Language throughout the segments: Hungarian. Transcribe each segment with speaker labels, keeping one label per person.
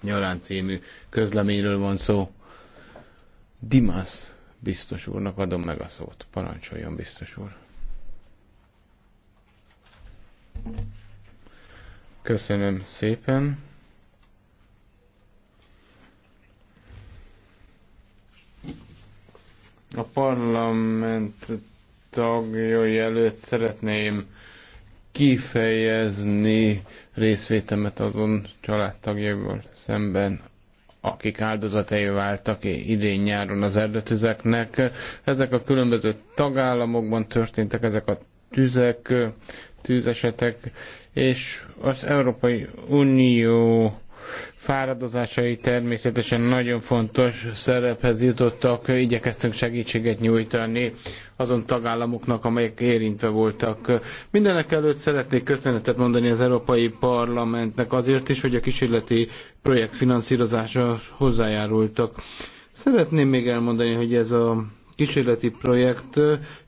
Speaker 1: nyarán című közleményről van szó. Dimas biztos úrnak adom meg a szót. Parancsoljon, biztos úr. Köszönöm szépen. A parlament tagjai előtt szeretném kifejezni részvétemet azon családtagjaival szemben, akik áldozatai váltak idén nyáron az erdőtüzeknek. Ezek a különböző tagállamokban történtek ezek a tüzek, tűzesetek, és az Európai Unió fáradozásai természetesen nagyon fontos szerephez jutottak, igyekeztünk segítséget nyújtani azon tagállamoknak, amelyek érintve voltak. Mindenek előtt szeretnék köszönetet mondani az Európai Parlamentnek azért is, hogy a kísérleti projekt finanszírozása hozzájárultak. Szeretném még elmondani, hogy ez a kísérleti projekt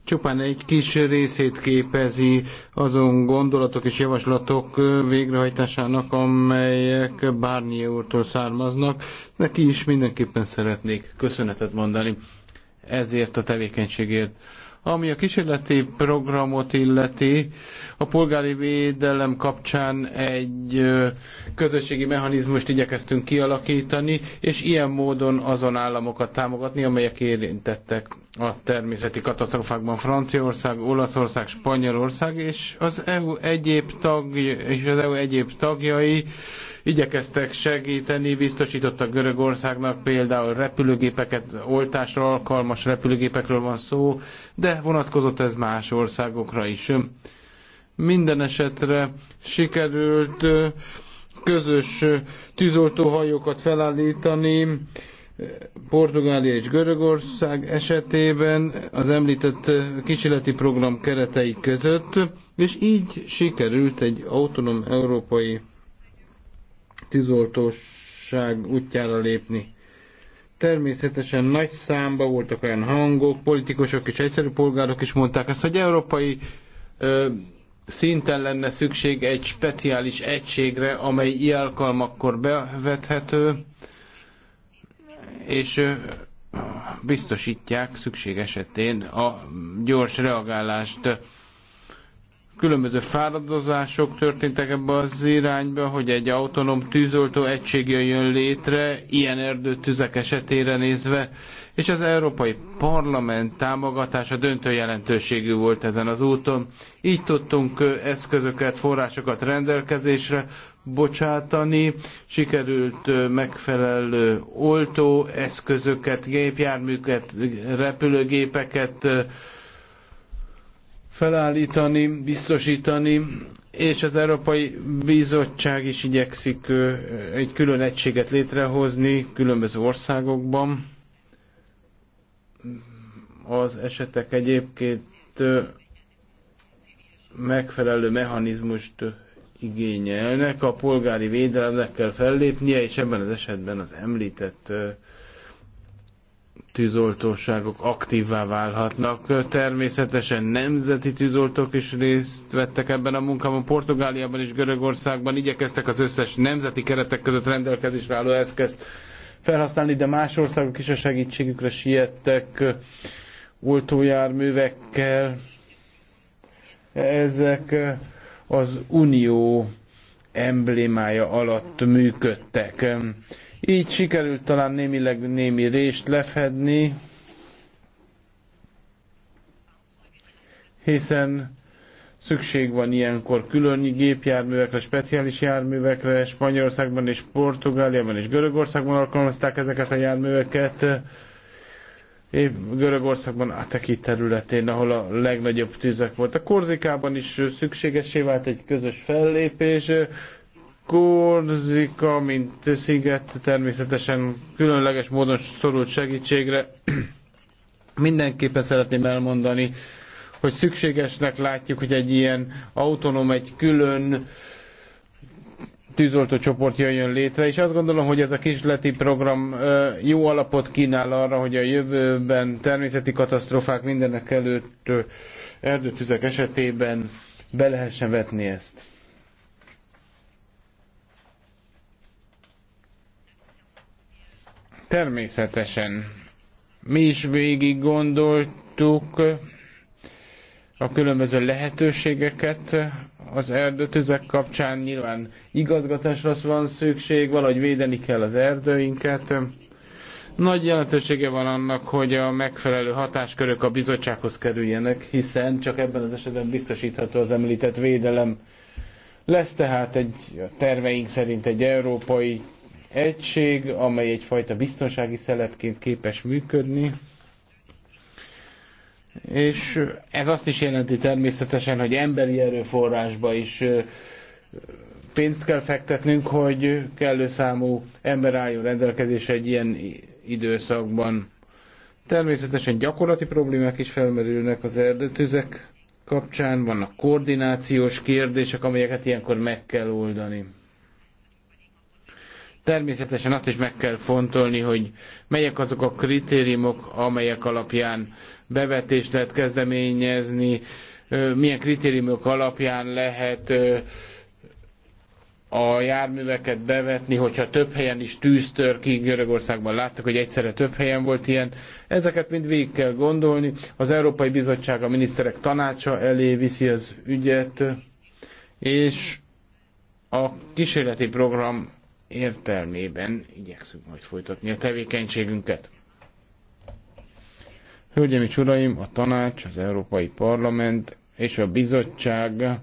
Speaker 1: csupán egy kis részét képezi azon gondolatok és javaslatok végrehajtásának, amelyek Barnier úrtól származnak. Neki is mindenképpen szeretnék köszönetet mondani ezért a tevékenységért. Ami a kísérleti programot illeti, a polgári védelem kapcsán egy közösségi mechanizmust igyekeztünk kialakítani, és ilyen módon azon államokat támogatni, amelyek érintettek a természeti katasztrófákban Franciaország, Olaszország, Spanyolország és az EU e egyéb tagjai és az EU egyéb tagjai igyekeztek segíteni, biztosítottak Görögországnak például repülőgépeket, oltásra alkalmas repülőgépekről van szó, de vonatkozott ez más országokra is. Minden esetre sikerült közös tűzoltóhajókat felállítani, Portugália és Görögország esetében az említett kísérleti program keretei között, és így sikerült egy autonóm európai tűzoltóság útjára lépni. Természetesen nagy számba voltak olyan hangok, politikusok és egyszerű polgárok is mondták ezt, hogy európai ö, szinten lenne szükség egy speciális egységre, amely ilyen alkalmakkor bevethető, és biztosítják szükség esetén a gyors reagálást különböző fáradozások történtek ebbe az irányba, hogy egy autonóm tűzoltó egység jön létre, ilyen erdőtüzek esetére nézve, és az Európai Parlament támogatása döntő jelentőségű volt ezen az úton. Így tudtunk eszközöket, forrásokat rendelkezésre bocsátani, sikerült megfelelő oltó eszközöket, gépjárműket, repülőgépeket, felállítani, biztosítani, és az Európai Bizottság is igyekszik egy külön egységet létrehozni különböző országokban. Az esetek egyébként megfelelő mechanizmust igényelnek, a polgári védelemnek kell fellépnie, és ebben az esetben az említett tűzoltóságok aktívvá válhatnak. Természetesen nemzeti tűzoltók is részt vettek ebben a munkában. Portugáliában és Görögországban igyekeztek az összes nemzeti keretek között rendelkezésre álló eszközt felhasználni, de más országok is a segítségükre siettek oltójárművekkel. Ezek az unió emblémája alatt működtek így sikerült talán némileg némi rést lefedni, hiszen szükség van ilyenkor külön gépjárművekre, speciális járművekre, Spanyolországban és Portugáliában és Görögországban alkalmazták ezeket a járműveket, épp Görögországban a teki területén, ahol a legnagyobb tüzek a Korzikában is szükségesé vált egy közös fellépés, Korzika, mint sziget természetesen különleges módon szorult segítségre. Mindenképpen szeretném elmondani, hogy szükségesnek látjuk, hogy egy ilyen autonóm, egy külön tűzoltó csoport jöjjön létre, és azt gondolom, hogy ez a kisleti program jó alapot kínál arra, hogy a jövőben természeti katasztrófák mindenek előtt erdőtüzek esetében be lehessen vetni ezt. Természetesen mi is végig gondoltuk a különböző lehetőségeket az erdőtüzek kapcsán. Nyilván igazgatásra van szükség, valahogy védeni kell az erdőinket. Nagy jelentősége van annak, hogy a megfelelő hatáskörök a bizottsághoz kerüljenek, hiszen csak ebben az esetben biztosítható az említett védelem. Lesz tehát egy a terveink szerint egy európai egység, amely egyfajta biztonsági szelepként képes működni. És ez azt is jelenti természetesen, hogy emberi erőforrásba is pénzt kell fektetnünk, hogy kellő számú ember álljon rendelkezés egy ilyen időszakban. Természetesen gyakorlati problémák is felmerülnek az erdőtüzek kapcsán, vannak koordinációs kérdések, amelyeket ilyenkor meg kell oldani. Természetesen azt is meg kell fontolni, hogy melyek azok a kritériumok, amelyek alapján bevetést lehet kezdeményezni, milyen kritériumok alapján lehet a járműveket bevetni, hogyha több helyen is tűztör ki, Görögországban láttuk, hogy egyszerre több helyen volt ilyen. Ezeket mind végig kell gondolni. Az Európai Bizottság a miniszterek tanácsa elé viszi az ügyet, és a kísérleti program értelmében igyekszünk majd folytatni a tevékenységünket. Hölgyeim és Uraim, a tanács, az Európai Parlament és a bizottság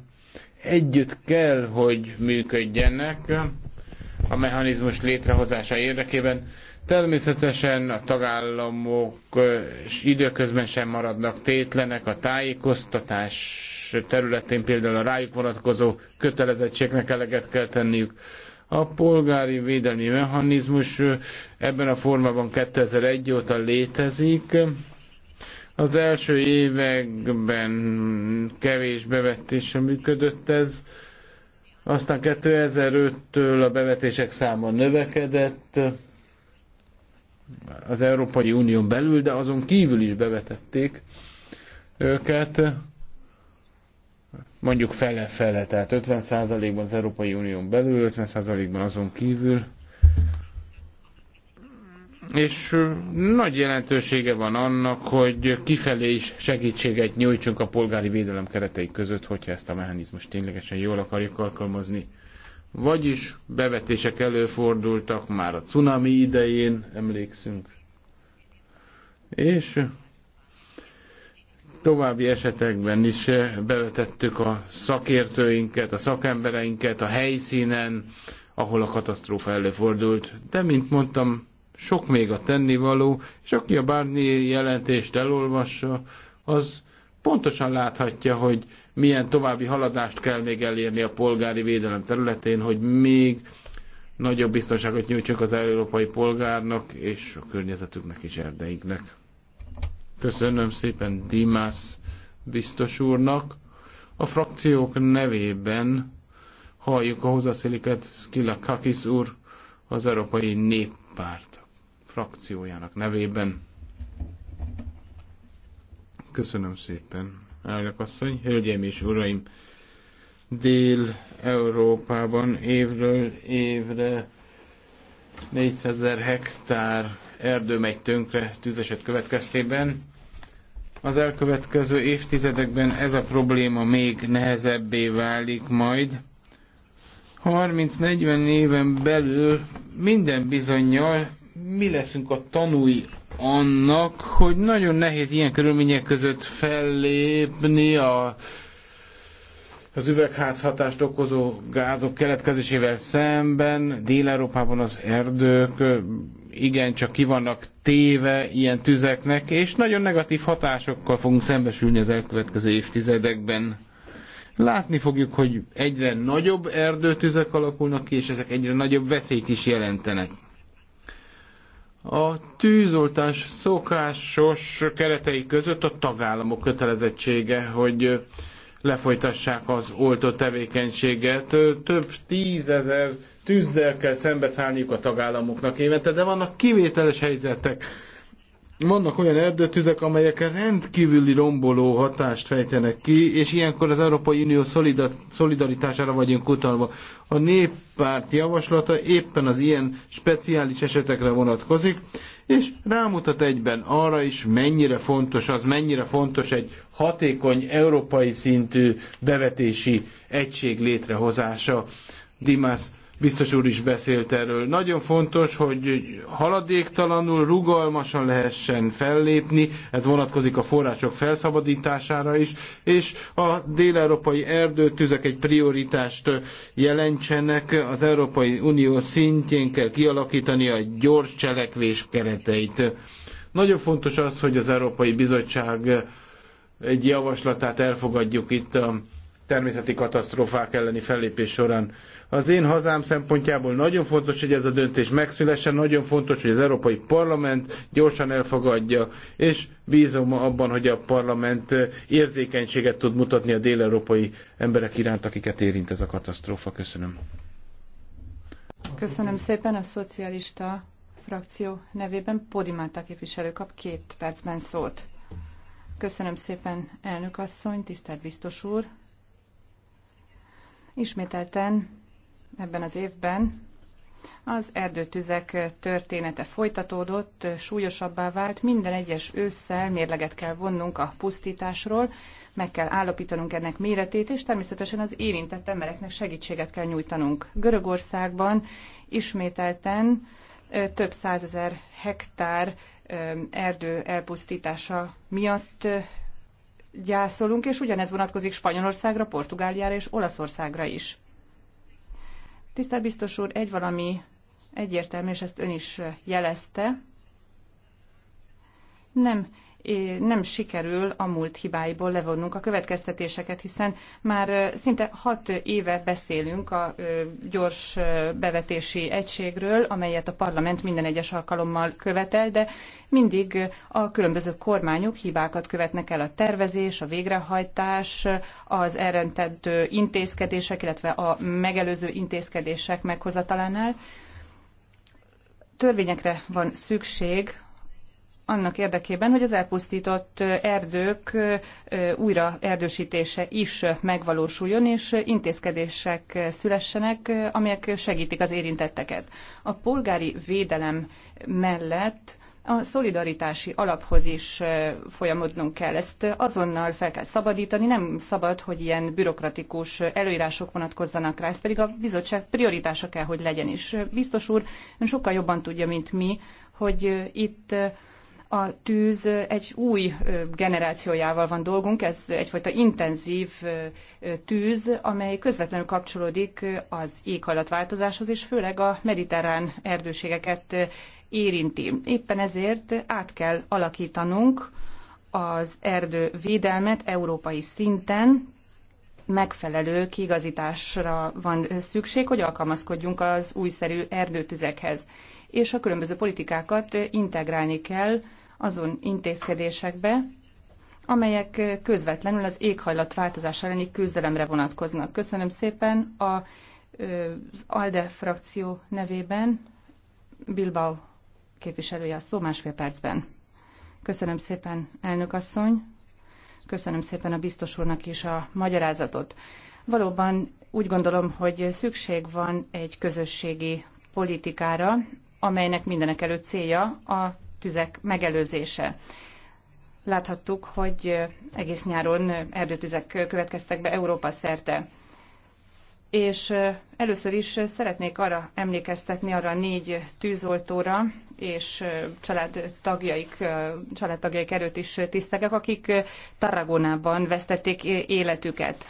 Speaker 1: együtt kell, hogy működjenek a mechanizmus létrehozása érdekében. Természetesen a tagállamok időközben sem maradnak tétlenek, a tájékoztatás területén például a rájuk vonatkozó kötelezettségnek eleget kell tenniük a polgári védelmi mechanizmus ebben a formában 2001 óta létezik. Az első években kevés bevetésre működött ez, aztán 2005-től a bevetések száma növekedett, az Európai Unión belül, de azon kívül is bevetették őket mondjuk fele-fele, tehát 50%-ban az Európai Unión belül, 50%-ban azon kívül. És nagy jelentősége van annak, hogy kifelé is segítséget nyújtsunk a polgári védelem keretei között, hogyha ezt a mechanizmust ténylegesen jól akarjuk alkalmazni. Vagyis bevetések előfordultak már a cunami idején, emlékszünk. És további esetekben is eh, bevetettük a szakértőinket, a szakembereinket a helyszínen, ahol a katasztrófa előfordult. De, mint mondtam, sok még a tennivaló, és aki a bárni jelentést elolvassa, az pontosan láthatja, hogy milyen további haladást kell még elérni a polgári védelem területén, hogy még nagyobb biztonságot nyújtsunk az európai polgárnak és a környezetüknek és erdeinknek. Köszönöm szépen Dimas biztos úrnak. A frakciók nevében halljuk a hozzászéliket Skila Kakis úr az Európai Néppárt frakciójának nevében. Köszönöm szépen, elnök asszony, hölgyeim és uraim! Dél-Európában évről évre 4000 hektár erdő megy tönkre tűzeset következtében. Az elkövetkező évtizedekben ez a probléma még nehezebbé válik majd. 30-40 éven belül minden bizonyal mi leszünk a tanúi annak, hogy nagyon nehéz ilyen körülmények között fellépni a az üvegházhatást okozó gázok keletkezésével szemben, Dél-Európában az erdők igen, csak ki vannak téve ilyen tüzeknek, és nagyon negatív hatásokkal fogunk szembesülni az elkövetkező évtizedekben. Látni fogjuk, hogy egyre nagyobb erdőtüzek alakulnak ki, és ezek egyre nagyobb veszélyt is jelentenek. A tűzoltás szokásos keretei között a tagállamok kötelezettsége, hogy lefolytassák az oltó tevékenységet. Több tízezer tűzzel kell szembeszállniuk a tagállamoknak évente, de vannak kivételes helyzetek. Vannak olyan erdőtüzek, amelyek rendkívüli romboló hatást fejtenek ki, és ilyenkor az Európai Unió szolidaritására vagyunk utalva. A néppárt javaslata éppen az ilyen speciális esetekre vonatkozik, és rámutat egyben arra is, mennyire fontos az, mennyire fontos egy hatékony európai szintű bevetési egység létrehozása. Dimas biztos úr is beszélt erről. Nagyon fontos, hogy haladéktalanul, rugalmasan lehessen fellépni, ez vonatkozik a források felszabadítására is, és a déleurópai erdőtüzek egy prioritást jelentsenek, az Európai Unió szintjén kell kialakítani a gyors cselekvés kereteit. Nagyon fontos az, hogy az Európai Bizottság egy javaslatát elfogadjuk itt a természeti katasztrófák elleni fellépés során. Az én hazám szempontjából nagyon fontos, hogy ez a döntés megszülessen, nagyon fontos, hogy az Európai Parlament gyorsan elfogadja, és bízom abban, hogy a parlament eh, érzékenységet tud mutatni a déleurópai emberek iránt, akiket érint ez a katasztrófa. Köszönöm.
Speaker 2: Köszönöm szépen a szocialista frakció nevében. Podimáta képviselő kap két percben szót. Köszönöm szépen, elnök asszony, tisztelt biztos úr. Ismételten ebben az évben az erdőtüzek története folytatódott, súlyosabbá vált, minden egyes ősszel mérleget kell vonnunk a pusztításról, meg kell állapítanunk ennek méretét, és természetesen az érintett embereknek segítséget kell nyújtanunk. Görögországban ismételten több százezer hektár erdő elpusztítása miatt gyászolunk, és ugyanez vonatkozik Spanyolországra, Portugáliára és Olaszországra is. Tisztelt biztos úr, egy valami egyértelmű, és ezt ön is jelezte. Nem nem sikerül a múlt hibáiból levonnunk a következtetéseket, hiszen már szinte hat éve beszélünk a gyors bevetési egységről, amelyet a parlament minden egyes alkalommal követel, de mindig a különböző kormányok hibákat követnek el a tervezés, a végrehajtás, az elrendett intézkedések, illetve a megelőző intézkedések meghozatalánál. Törvényekre van szükség, annak érdekében, hogy az elpusztított erdők újra erdősítése is megvalósuljon, és intézkedések szülessenek, amelyek segítik az érintetteket. A polgári védelem mellett a szolidaritási alaphoz is folyamodnunk kell. Ezt azonnal fel kell szabadítani, nem szabad, hogy ilyen bürokratikus előírások vonatkozzanak rá, ez pedig a bizottság prioritása kell, hogy legyen is. Biztos úr, ön sokkal jobban tudja, mint mi, hogy itt a tűz egy új generációjával van dolgunk, ez egyfajta intenzív tűz, amely közvetlenül kapcsolódik az éghajlatváltozáshoz, és főleg a mediterrán erdőségeket érinti. Éppen ezért át kell alakítanunk az erdővédelmet európai szinten, megfelelő kiigazításra van szükség, hogy alkalmazkodjunk az újszerű erdőtüzekhez. És a különböző politikákat integrálni kell azon intézkedésekbe, amelyek közvetlenül az éghajlatváltozás elleni küzdelemre vonatkoznak. Köszönöm szépen a, az ALDE frakció nevében Bilbao képviselője a szó másfél percben. Köszönöm szépen, elnök asszony, köszönöm szépen a biztos úrnak is a magyarázatot. Valóban úgy gondolom, hogy szükség van egy közösségi politikára, amelynek mindenek előtt célja a tüzek megelőzése. Láthattuk, hogy egész nyáron erdőtüzek következtek be Európa szerte. És először is szeretnék arra emlékeztetni arra négy tűzoltóra, és családtagjaik, családtagjaik erőt is tisztelek, akik Tarragonában vesztették életüket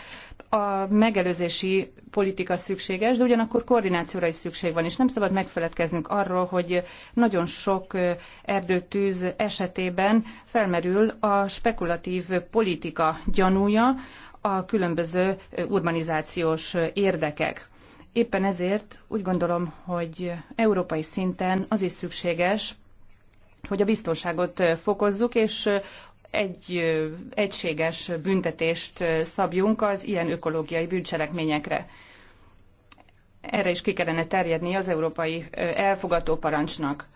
Speaker 2: a megelőzési politika szükséges, de ugyanakkor koordinációra is szükség van, és nem szabad megfeledkeznünk arról, hogy nagyon sok erdőtűz esetében felmerül a spekulatív politika gyanúja, a különböző urbanizációs érdekek. Éppen ezért úgy gondolom, hogy európai szinten az is szükséges, hogy a biztonságot fokozzuk, és egy egységes büntetést szabjunk az ilyen ökológiai bűncselekményekre. Erre is ki kellene terjedni az európai elfogató parancsnak.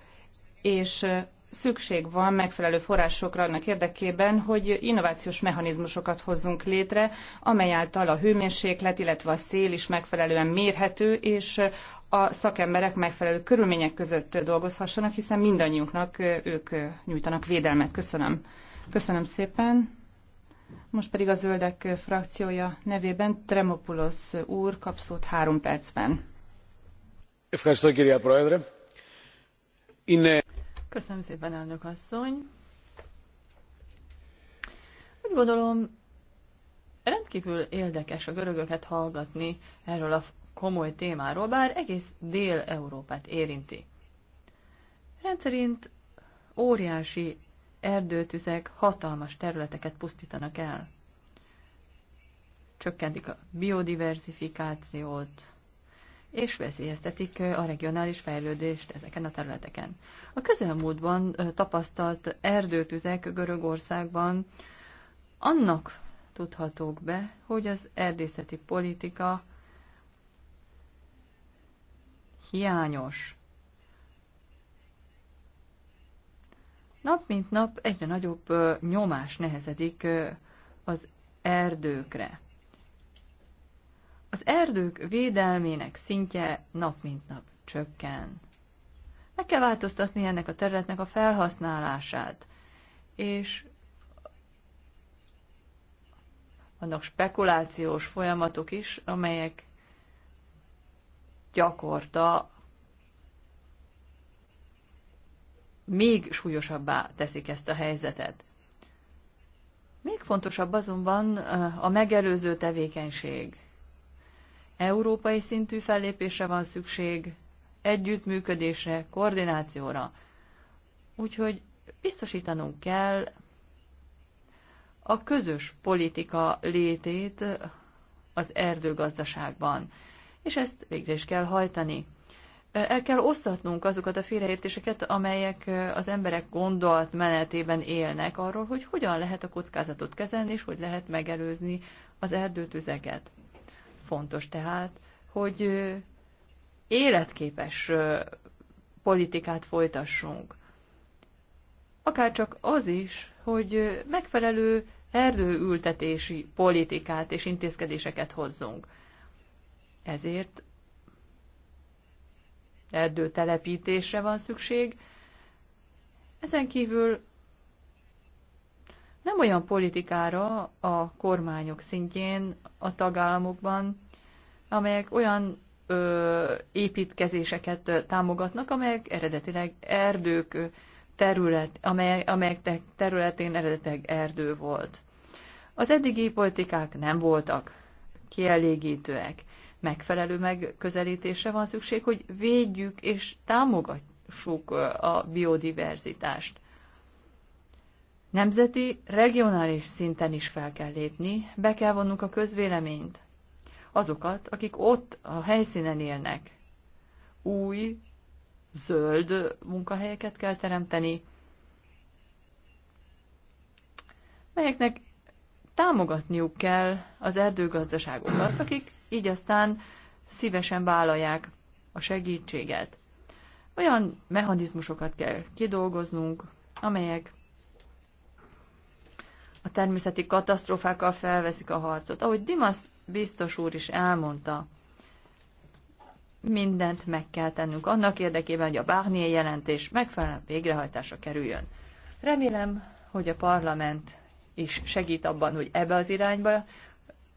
Speaker 2: És szükség van megfelelő forrásokra annak érdekében, hogy innovációs mechanizmusokat hozzunk létre, amely által a hőmérséklet, illetve a szél is megfelelően mérhető, és a szakemberek megfelelő körülmények között dolgozhassanak, hiszen mindannyiunknak ők nyújtanak védelmet. Köszönöm. Köszönöm szépen. Most pedig a Zöldek frakciója nevében Tremopulos úr kap szót három percben.
Speaker 3: Köszönöm szépen, elnök asszony. Úgy gondolom, rendkívül érdekes a görögöket hallgatni erről a komoly témáról, bár egész Dél-Európát érinti. Rendszerint óriási erdőtüzek hatalmas területeket pusztítanak el. Csökkentik a biodiverzifikációt, és veszélyeztetik a regionális fejlődést ezeken a területeken. A közelmúltban tapasztalt erdőtüzek Görögországban annak tudhatók be, hogy az erdészeti politika hiányos. Nap mint nap egyre nagyobb nyomás nehezedik az erdőkre. Az erdők védelmének szintje nap mint nap csökken. Meg kell változtatni ennek a területnek a felhasználását, és vannak spekulációs folyamatok is, amelyek gyakorta még súlyosabbá teszik ezt a helyzetet. Még fontosabb azonban eh, a megelőző tevékenység. Európai szintű fellépésre van szükség, együttműködésre, koordinációra. Úgyhogy biztosítanunk kell a közös politika létét az erdőgazdaságban, és ezt végre is kell hajtani el kell osztatnunk azokat a félreértéseket, amelyek az emberek gondolt menetében élnek arról, hogy hogyan lehet a kockázatot kezelni, és hogy lehet megelőzni az erdőtüzeket. Fontos tehát, hogy életképes politikát folytassunk. Akár csak az is, hogy megfelelő erdőültetési politikát és intézkedéseket hozzunk. Ezért erdő telepítésre van szükség. Ezen kívül nem olyan politikára a kormányok szintjén, a tagállamokban, amelyek olyan ö, építkezéseket támogatnak, amelyek eredetileg erdők terület, amely, amelyek területén eredetileg erdő volt. Az eddigi politikák nem voltak kielégítőek megfelelő megközelítésre van szükség, hogy védjük és támogassuk a biodiverzitást. Nemzeti, regionális szinten is fel kell lépni, be kell vonnunk a közvéleményt, azokat, akik ott a helyszínen élnek. Új, zöld munkahelyeket kell teremteni, melyeknek támogatniuk kell az erdőgazdaságokat, akik így aztán szívesen vállalják a segítséget. Olyan mechanizmusokat kell kidolgoznunk, amelyek a természeti katasztrófákkal felveszik a harcot. Ahogy Dimas biztos úr is elmondta, mindent meg kell tennünk annak érdekében, hogy a Barnier jelentés megfelelően végrehajtásra kerüljön. Remélem, hogy a parlament is segít abban, hogy ebbe az irányba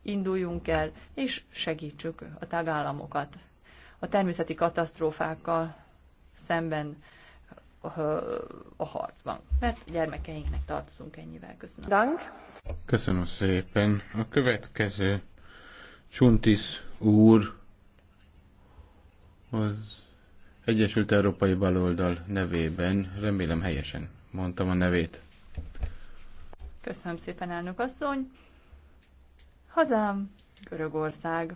Speaker 3: induljunk el, és segítsük a tagállamokat. A természeti katasztrófákkal szemben a harcban. Mert gyermekeinknek tartozunk ennyivel. Köszönöm. Dank.
Speaker 1: Köszönöm szépen. A következő Csuntis úr az Egyesült Európai Baloldal nevében, remélem helyesen mondtam a nevét.
Speaker 3: Köszönöm szépen, elnök asszony. Hazám Görögország.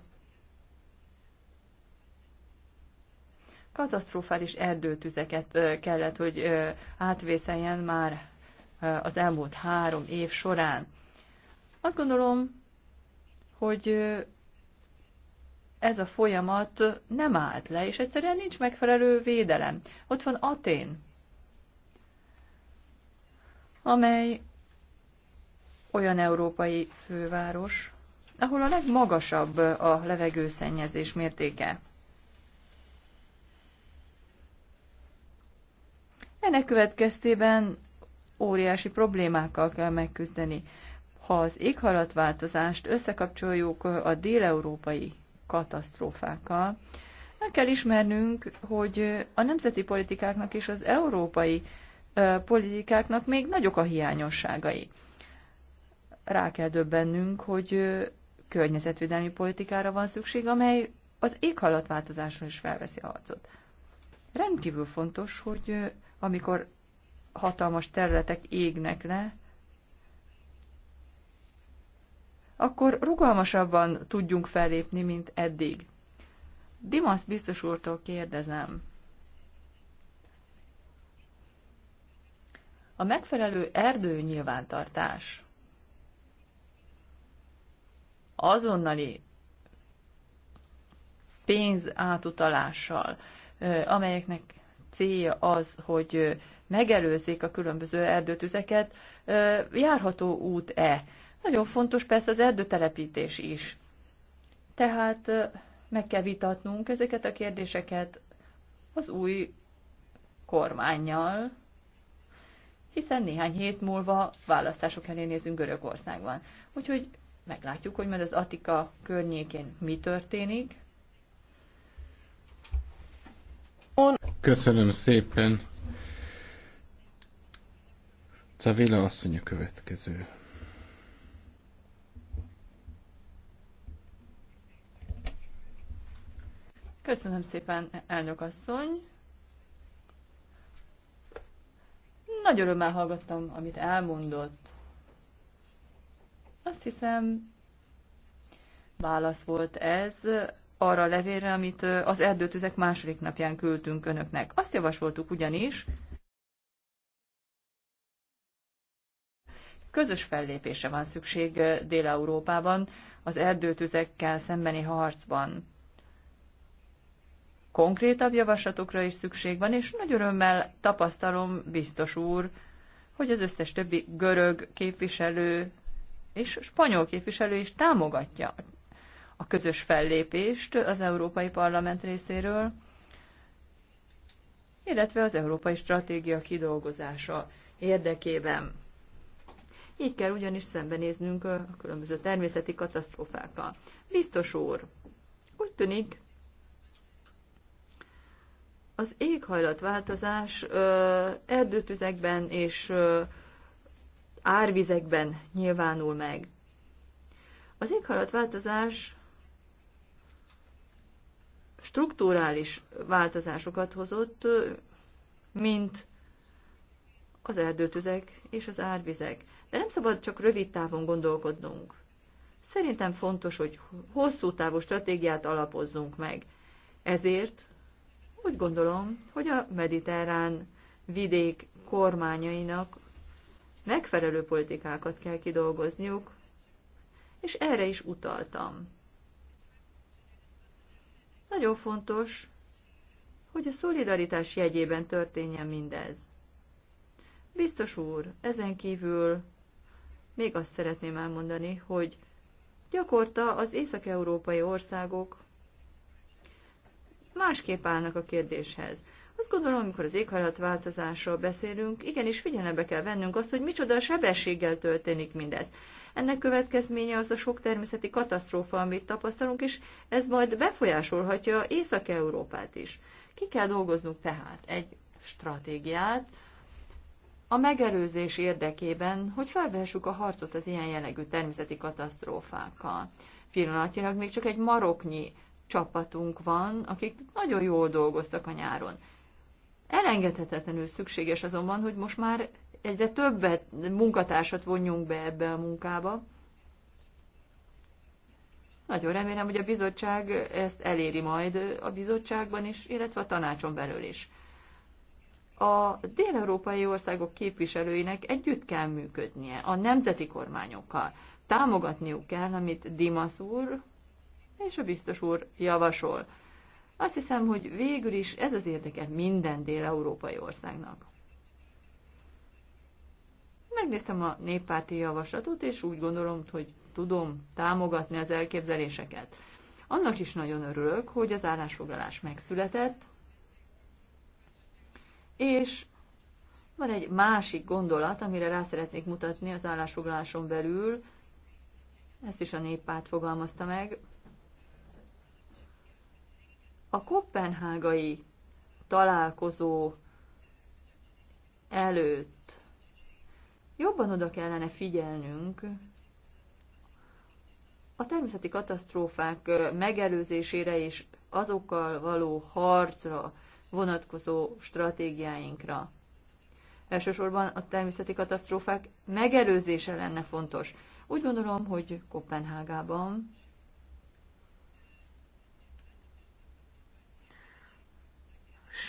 Speaker 3: Katasztrofális erdőtüzeket kellett, hogy átvészeljen már az elmúlt három év során. Azt gondolom, hogy ez a folyamat nem állt le, és egyszerűen nincs megfelelő védelem. Ott van Atén, amely olyan európai főváros, ahol a legmagasabb a levegőszennyezés mértéke. Ennek következtében óriási problémákkal kell megküzdeni. Ha az éghajlatváltozást összekapcsoljuk a déleurópai katasztrófákkal, meg kell ismernünk, hogy a nemzeti politikáknak és az európai politikáknak még nagyok a hiányosságai. Rá kell döbbennünk, hogy környezetvédelmi politikára van szükség, amely az éghajlatváltozáson is felveszi a harcot. Rendkívül fontos, hogy amikor hatalmas területek égnek le, akkor rugalmasabban tudjunk fellépni, mint eddig. Dimas biztos úrtól kérdezem. A megfelelő erdő nyilvántartás azonnali pénz átutalással, amelyeknek célja az, hogy megelőzzék a különböző erdőtüzeket, járható út-e. Nagyon fontos persze az erdőtelepítés is. Tehát meg kell vitatnunk ezeket a kérdéseket az új kormányjal, hiszen néhány hét múlva választások elé nézünk Görögországban. Úgyhogy Meglátjuk, hogy majd az Atika környékén mi történik.
Speaker 1: Köszönöm szépen. Cavilla asszony a következő.
Speaker 3: Köszönöm szépen, elnök asszony. Nagy örömmel hallgattam, amit elmondott. Azt hiszem, válasz volt ez arra a levélre, amit az erdőtüzek második napján küldtünk önöknek. Azt javasoltuk ugyanis, közös fellépése van szükség Dél-Európában az erdőtüzekkel szembeni harcban. Konkrétabb javaslatokra is szükség van, és nagy örömmel tapasztalom, biztos úr, hogy az összes többi görög képviselő és spanyol képviselő is támogatja a közös fellépést az Európai Parlament részéről, illetve az Európai Stratégia kidolgozása érdekében. Így kell ugyanis szembenéznünk a különböző természeti katasztrófákkal. Biztos úr, úgy tűnik, az éghajlatváltozás erdőtüzekben és árvizekben nyilvánul meg. Az éghajlatváltozás strukturális változásokat hozott, mint az erdőtüzek és az árvizek. De nem szabad csak rövid távon gondolkodnunk. Szerintem fontos, hogy hosszú távú stratégiát alapozzunk meg. Ezért úgy gondolom, hogy a mediterrán vidék kormányainak megfelelő politikákat kell kidolgozniuk, és erre is utaltam. Nagyon fontos, hogy a szolidaritás jegyében történjen mindez. Biztos úr, ezen kívül még azt szeretném elmondani, hogy gyakorta az észak-európai országok másképp állnak a kérdéshez. Azt gondolom, amikor az éghajlatváltozásról beszélünk, igenis figyelembe kell vennünk azt, hogy micsoda sebességgel történik mindez. Ennek következménye az a sok természeti katasztrófa, amit tapasztalunk, és ez majd befolyásolhatja Észak-Európát is. Ki kell dolgoznunk tehát egy stratégiát a megelőzés érdekében, hogy felvehessük a harcot az ilyen jellegű természeti katasztrófákkal. Pillanatnyilag még csak egy maroknyi csapatunk van, akik nagyon jól dolgoztak a nyáron. Elengedhetetlenül szükséges azonban, hogy most már egyre többet munkatársat vonjunk be ebbe a munkába. Nagyon remélem, hogy a bizottság ezt eléri majd a bizottságban is, illetve a tanácson belül is. A dél-európai országok képviselőinek együtt kell működnie a nemzeti kormányokkal. Támogatniuk kell, amit Dimas úr és a biztos úr javasol. Azt hiszem, hogy végül is ez az érdeke minden dél-európai országnak. Megnéztem a néppárti javaslatot, és úgy gondolom, hogy tudom támogatni az elképzeléseket. Annak is nagyon örülök, hogy az állásfoglalás megszületett, és van egy másik gondolat, amire rá szeretnék mutatni az állásfoglaláson belül, ezt is a néppárt fogalmazta meg, a kopenhágai találkozó előtt jobban oda kellene figyelnünk a természeti katasztrófák megelőzésére és azokkal való harcra vonatkozó stratégiáinkra. Elsősorban a természeti katasztrófák megelőzése lenne fontos. Úgy gondolom, hogy Kopenhágában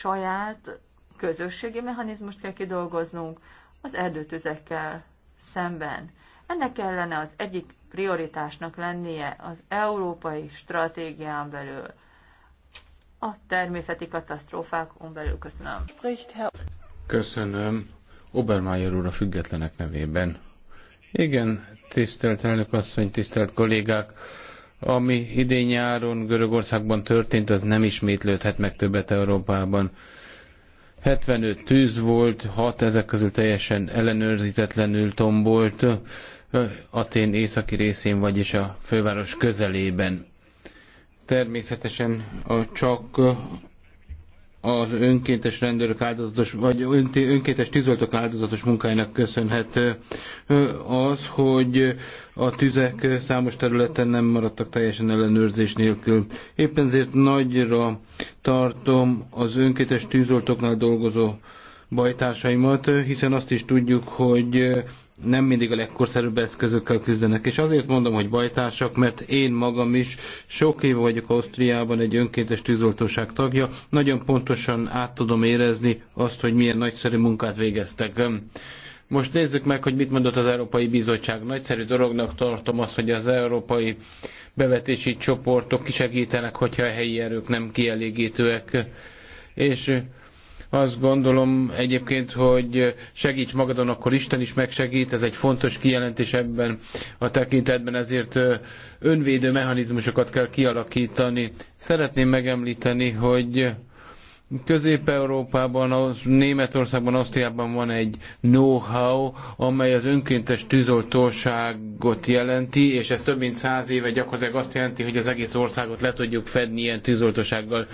Speaker 3: saját közösségi mechanizmust kell kidolgoznunk az erdőtüzekkel szemben. Ennek kellene az egyik prioritásnak lennie az európai stratégián belül, a természeti katasztrófákon belül. Köszönöm.
Speaker 1: Köszönöm. Obermeyer úr a függetlenek nevében. Igen, tisztelt elnök asszony, tisztelt kollégák! ami idén nyáron Görögországban történt, az nem ismétlődhet meg többet Európában. 75 tűz volt, 6 ezek közül teljesen ellenőrzetlenül tombolt eh, Atén északi részén, vagyis a főváros közelében. Természetesen a csak az önkéntes rendőrök áldozatos, vagy önkéntes tűzoltók áldozatos munkájának köszönhető az, hogy a tüzek számos területen nem maradtak teljesen ellenőrzés nélkül. Éppen ezért nagyra tartom az önkéntes tűzoltóknál dolgozó bajtársaimat, hiszen azt is tudjuk, hogy nem mindig a legkorszerűbb eszközökkel küzdenek. És azért mondom, hogy bajtársak, mert én magam is sok év vagyok Ausztriában egy önkéntes tűzoltóság tagja, nagyon pontosan át tudom érezni azt, hogy milyen nagyszerű munkát végeztek. Most nézzük meg, hogy mit mondott az Európai Bizottság. Nagyszerű dolognak tartom azt, hogy az európai bevetési csoportok kisegítenek, hogyha a helyi erők nem kielégítőek. És azt gondolom egyébként, hogy segíts magadon, akkor Isten is megsegít, ez egy fontos kijelentés ebben a tekintetben, ezért önvédő mechanizmusokat kell kialakítani. Szeretném megemlíteni, hogy Közép-Európában, Németországban, Ausztriában van egy know-how, amely az önkéntes tűzoltóságot jelenti, és ez több mint száz éve gyakorlatilag azt jelenti, hogy az egész országot le tudjuk fedni ilyen tűzoltósággal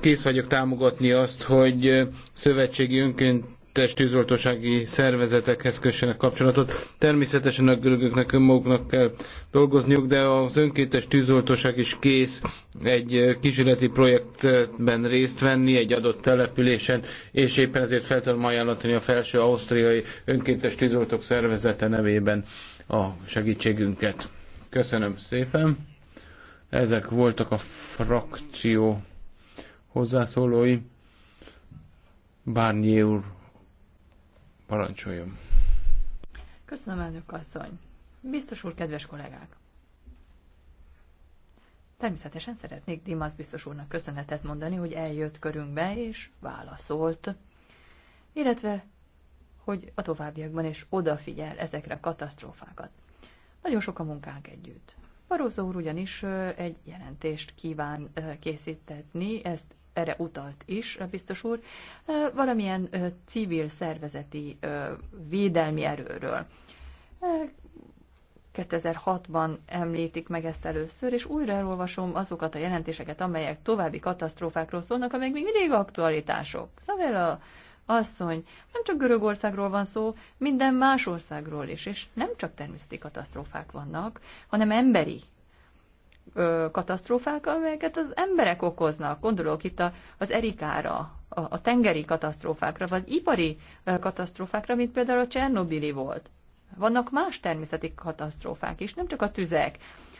Speaker 1: kész vagyok támogatni azt, hogy szövetségi önkéntes tűzoltósági szervezetekhez kössenek kapcsolatot. Természetesen a görögöknek önmaguknak kell dolgozniuk, de az önkéntes tűzoltóság is kész egy kísérleti projektben részt venni egy adott településen, és éppen ezért fel tudom ajánlatni a felső ausztriai önkéntes tűzoltók szervezete nevében a segítségünket. Köszönöm szépen! Ezek voltak a frakció hozzászólói. Bárnyi úr, parancsoljon.
Speaker 3: Köszönöm, elnök asszony. Biztos úr, kedves kollégák! Természetesen szeretnék Dimas biztos úrnak köszönetet mondani, hogy eljött körünkbe és válaszolt, illetve hogy a továbbiakban is odafigyel ezekre a katasztrófákat. Nagyon sok a munkánk együtt. Barroso úr ugyanis egy jelentést kíván készítetni, ezt erre utalt is, biztos úr, valamilyen civil szervezeti védelmi erőről. 2006-ban említik meg ezt először, és újra elolvasom azokat a jelentéseket, amelyek további katasztrófákról szólnak, amelyek még mindig aktualitások. Szóval a asszony, nem csak Görögországról van szó, minden más országról is, és nem csak természeti katasztrófák vannak, hanem emberi ö, katasztrófák, amelyeket az emberek okoznak. Gondolok itt a, az erikára, a, a tengeri katasztrófákra, vagy ipari ö, katasztrófákra, mint például a Csernobili volt. Vannak más természeti katasztrófák is, nem csak a tüzek.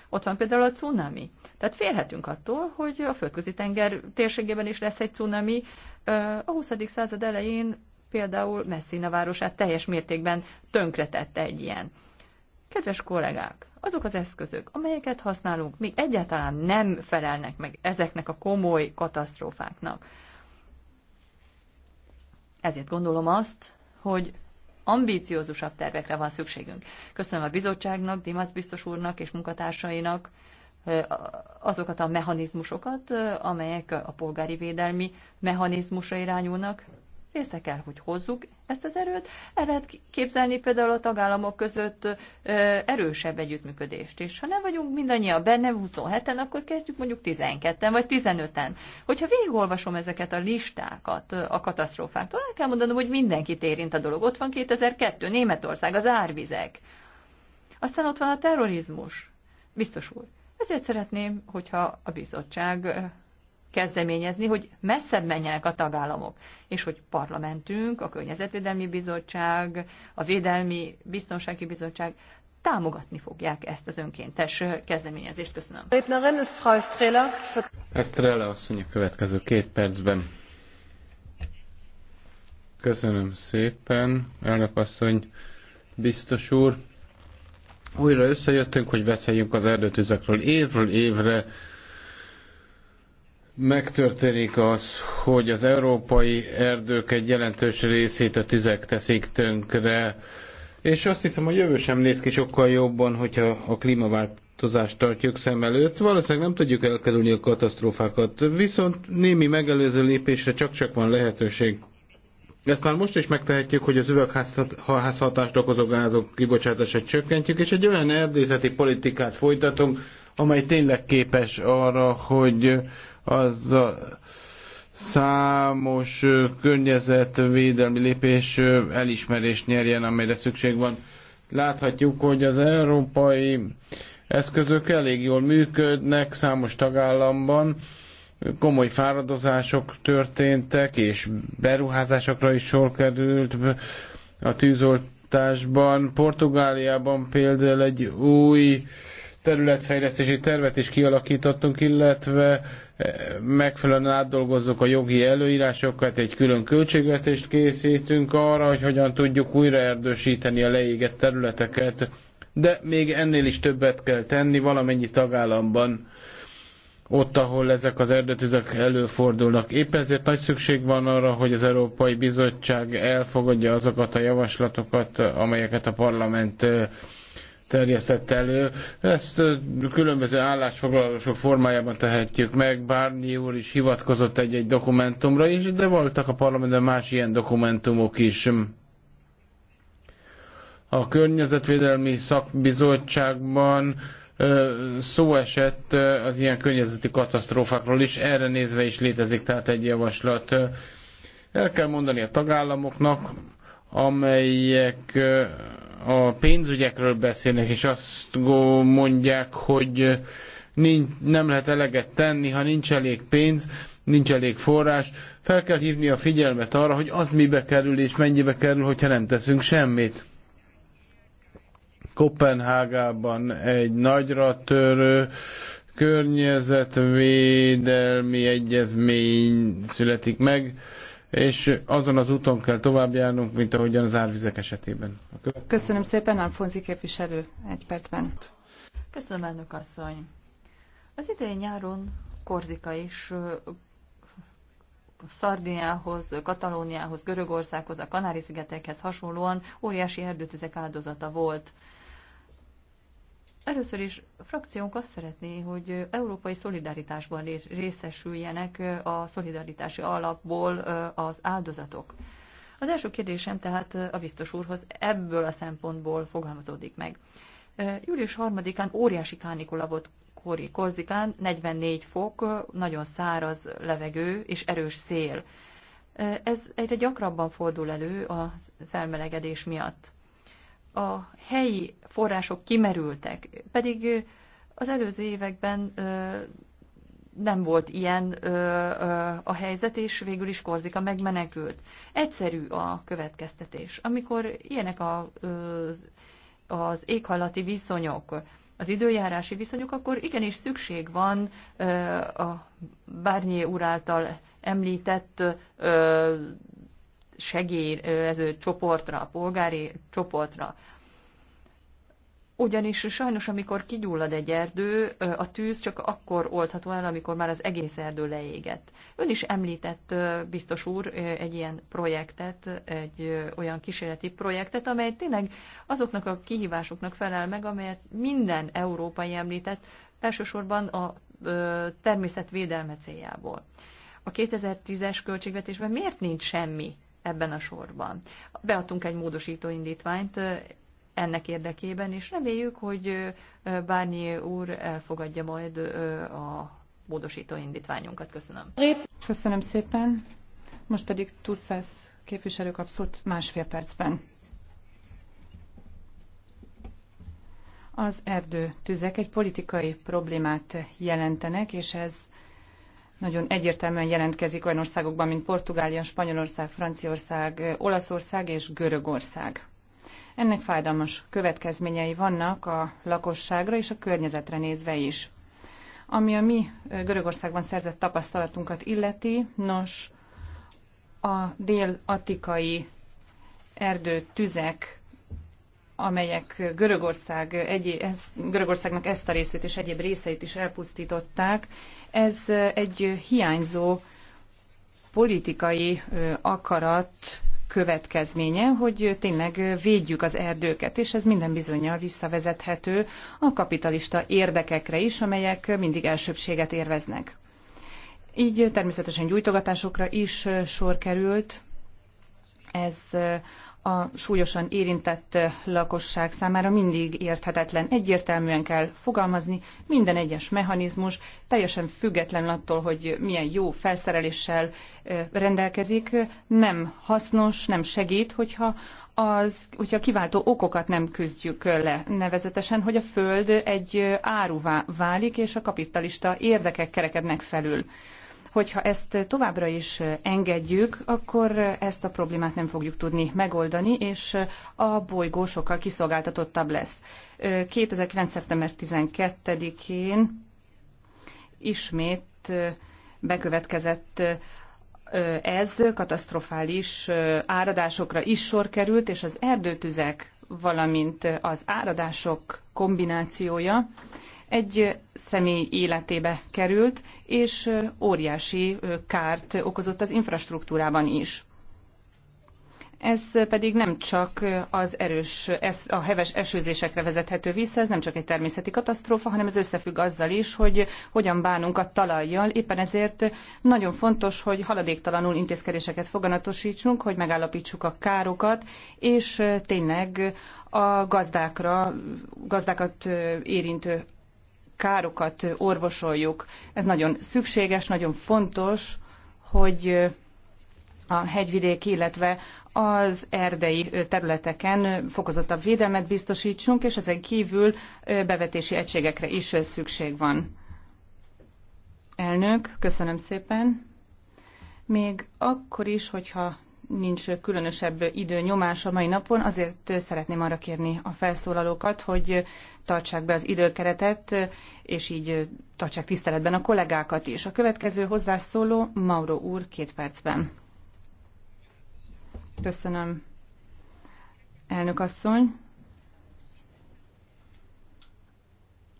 Speaker 3: Ott van például a cunami. Tehát félhetünk attól, hogy a földközi tenger térségében is lesz egy cunami, a 20. század elején például Messina városát teljes mértékben tönkretette egy ilyen. Kedves kollégák, azok az eszközök, amelyeket használunk, még egyáltalán nem felelnek meg ezeknek a komoly katasztrófáknak. Ezért gondolom azt, hogy ambíciózusabb tervekre van szükségünk. Köszönöm a bizottságnak, Dimas biztos úrnak és munkatársainak, azokat a mechanizmusokat, amelyek a polgári védelmi mechanizmusra irányulnak. Észre kell, hogy hozzuk ezt az erőt. El lehet képzelni például a tagállamok között erősebb együttműködést és Ha nem vagyunk mindannyian benne 27-en, akkor kezdjük mondjuk 12-en vagy 15-en. Hogyha végigolvasom ezeket a listákat a katasztrófáktól, el kell mondanom, hogy mindenkit érint a dolog. Ott van 2002, Németország, az árvizek. Aztán ott van a terrorizmus. Biztos úr ezért szeretném, hogyha a bizottság kezdeményezni, hogy messzebb menjenek a tagállamok, és hogy parlamentünk, a Környezetvédelmi Bizottság, a Védelmi Biztonsági Bizottság támogatni fogják ezt az önkéntes kezdeményezést. Köszönöm.
Speaker 1: Estrella asszony a következő két percben. Köszönöm szépen, elnök asszony, biztos úr. Újra összejöttünk, hogy beszéljünk az erdőtüzekről. Évről évre megtörténik az, hogy az európai erdők egy jelentős részét a tüzek teszik tönkre, és azt hiszem, a jövő sem néz ki sokkal jobban, hogyha a klímaváltozást tartjuk szem előtt. Valószínűleg nem tudjuk elkerülni a katasztrófákat, viszont némi megelőző lépésre csak-csak van lehetőség. Ezt már most is megtehetjük, hogy az üvegházhatást okozó gázok kibocsátását csökkentjük, és egy olyan erdészeti politikát folytatunk, amely tényleg képes arra, hogy az a számos környezetvédelmi lépés elismerést nyerjen, amelyre szükség van. Láthatjuk, hogy az európai eszközök elég jól működnek számos tagállamban, komoly fáradozások történtek, és beruházásokra is sor került a tűzoltásban. Portugáliában például egy új területfejlesztési tervet is kialakítottunk, illetve eh, megfelelően átdolgozzuk a jogi előírásokat, egy külön költségvetést készítünk arra, hogy hogyan tudjuk újra erdősíteni a leégett területeket, de még ennél is többet kell tenni valamennyi tagállamban ott, ahol ezek az erdőtüzek előfordulnak. Éppen ezért nagy szükség van arra, hogy az Európai Bizottság elfogadja azokat a javaslatokat, amelyeket a parlament terjesztett elő. Ezt különböző állásfoglalások formájában tehetjük meg. bármi úr is hivatkozott egy-egy dokumentumra is, de voltak a parlamentben más ilyen dokumentumok is. A Környezetvédelmi Szakbizottságban szó esett az ilyen környezeti katasztrófákról is, erre nézve is létezik tehát egy javaslat. El kell mondani a tagállamoknak, amelyek a pénzügyekről beszélnek, és azt mondják, hogy nincs, nem lehet eleget tenni, ha nincs elég pénz, nincs elég forrás. Fel kell hívni a figyelmet arra, hogy az mibe kerül és mennyibe kerül, hogyha nem teszünk semmit. Kopenhágában egy nagyra törő környezetvédelmi egyezmény születik meg, és azon az úton kell tovább járnunk, mint ahogyan az árvizek esetében. Következő...
Speaker 2: Köszönöm szépen, Alfonzi képviselő, egy percben.
Speaker 3: Köszönöm, elnök asszony. Az idei nyáron Korzika is Szardiniához, Katalóniához, Görögországhoz, a Kanári-szigetekhez hasonlóan óriási erdőtüzek áldozata volt. Először is a frakciónk azt szeretné, hogy európai szolidaritásban részesüljenek a szolidaritási alapból az áldozatok. Az első kérdésem tehát a biztos úrhoz ebből a szempontból fogalmazódik meg. Július 3-án óriási kánikula volt Kori Korzikán, 44 fok, nagyon száraz levegő és erős szél. Ez egyre gyakrabban fordul elő a felmelegedés miatt a helyi források kimerültek, pedig az előző években nem volt ilyen ö, ö, a helyzet, és végül is Korzika megmenekült. Egyszerű a következtetés. Amikor ilyenek a, az, az éghajlati viszonyok, az időjárási viszonyok, akkor igenis szükség van ö, a Bárnyé úr által említett ö, segélyező csoportra, a polgári csoportra. Ugyanis sajnos, amikor kigyullad egy erdő, a tűz csak akkor oldható el, amikor már az egész erdő leégett. Ön is említett, biztos úr, egy ilyen projektet, egy olyan kísérleti projektet, amely tényleg azoknak a kihívásoknak felel meg, amelyet minden európai említett, elsősorban a természetvédelme céljából. A 2010-es költségvetésben miért nincs semmi ebben a sorban. Beadtunk egy módosító indítványt ennek érdekében, és reméljük, hogy Bárnyi úr elfogadja majd a módosító indítványunkat. Köszönöm.
Speaker 2: Köszönöm szépen. Most pedig Turszász képviselő kap szót másfél percben. Az erdő tüzek egy politikai problémát jelentenek, és ez nagyon egyértelműen jelentkezik olyan országokban, mint Portugália, Spanyolország, Franciaország, Olaszország és Görögország. Ennek fájdalmas következményei vannak a lakosságra és a környezetre nézve is. Ami a mi Görögországban szerzett tapasztalatunkat illeti, nos, a dél-atikai tüzek amelyek Görögország egy, ez, Görögországnak ezt a részét és egyéb részeit is elpusztították, ez egy hiányzó politikai akarat következménye, hogy tényleg védjük az erdőket, és ez minden bizonyal visszavezethető a kapitalista érdekekre is, amelyek mindig elsőbséget érveznek. Így természetesen gyújtogatásokra is sor került. Ez a súlyosan érintett eh, lakosság számára mindig érthetetlen. Egyértelműen kell fogalmazni minden egyes mechanizmus, teljesen független attól, hogy milyen jó felszereléssel eh, rendelkezik, nem hasznos, nem segít, hogyha az, hogyha a kiváltó okokat nem küzdjük le, nevezetesen, hogy a föld egy eh, áruvá válik, és a kapitalista érdekek kerekednek felül. Hogyha ezt továbbra is engedjük, akkor ezt a problémát nem fogjuk tudni megoldani, és a bolygó sokkal kiszolgáltatottabb lesz. 2009. szeptember 12-én ismét bekövetkezett ez katasztrofális áradásokra is sor került, és az erdőtüzek, valamint az áradások kombinációja egy személy életébe került, és óriási kárt okozott az infrastruktúrában is. Ez pedig nem csak az erős, ez a heves esőzésekre vezethető vissza, ez nem csak egy természeti katasztrófa, hanem ez összefügg azzal is, hogy hogyan bánunk a talajjal. Éppen ezért nagyon fontos, hogy haladéktalanul intézkedéseket foganatosítsunk, hogy megállapítsuk a károkat, és tényleg a gazdákra, gazdákat érintő károkat orvosoljuk. Ez nagyon szükséges, nagyon fontos, hogy a hegyvidék, illetve az erdei területeken fokozottabb védelmet biztosítsunk, és ezen kívül bevetési egységekre is szükség van. Elnök, köszönöm szépen. Még akkor is, hogyha nincs különösebb idő nyomás a mai napon, azért szeretném arra kérni a felszólalókat, hogy tartsák be az időkeretet, és így tartsák tiszteletben a kollégákat is. A következő hozzászóló Mauro úr két percben. Köszönöm, elnök asszony.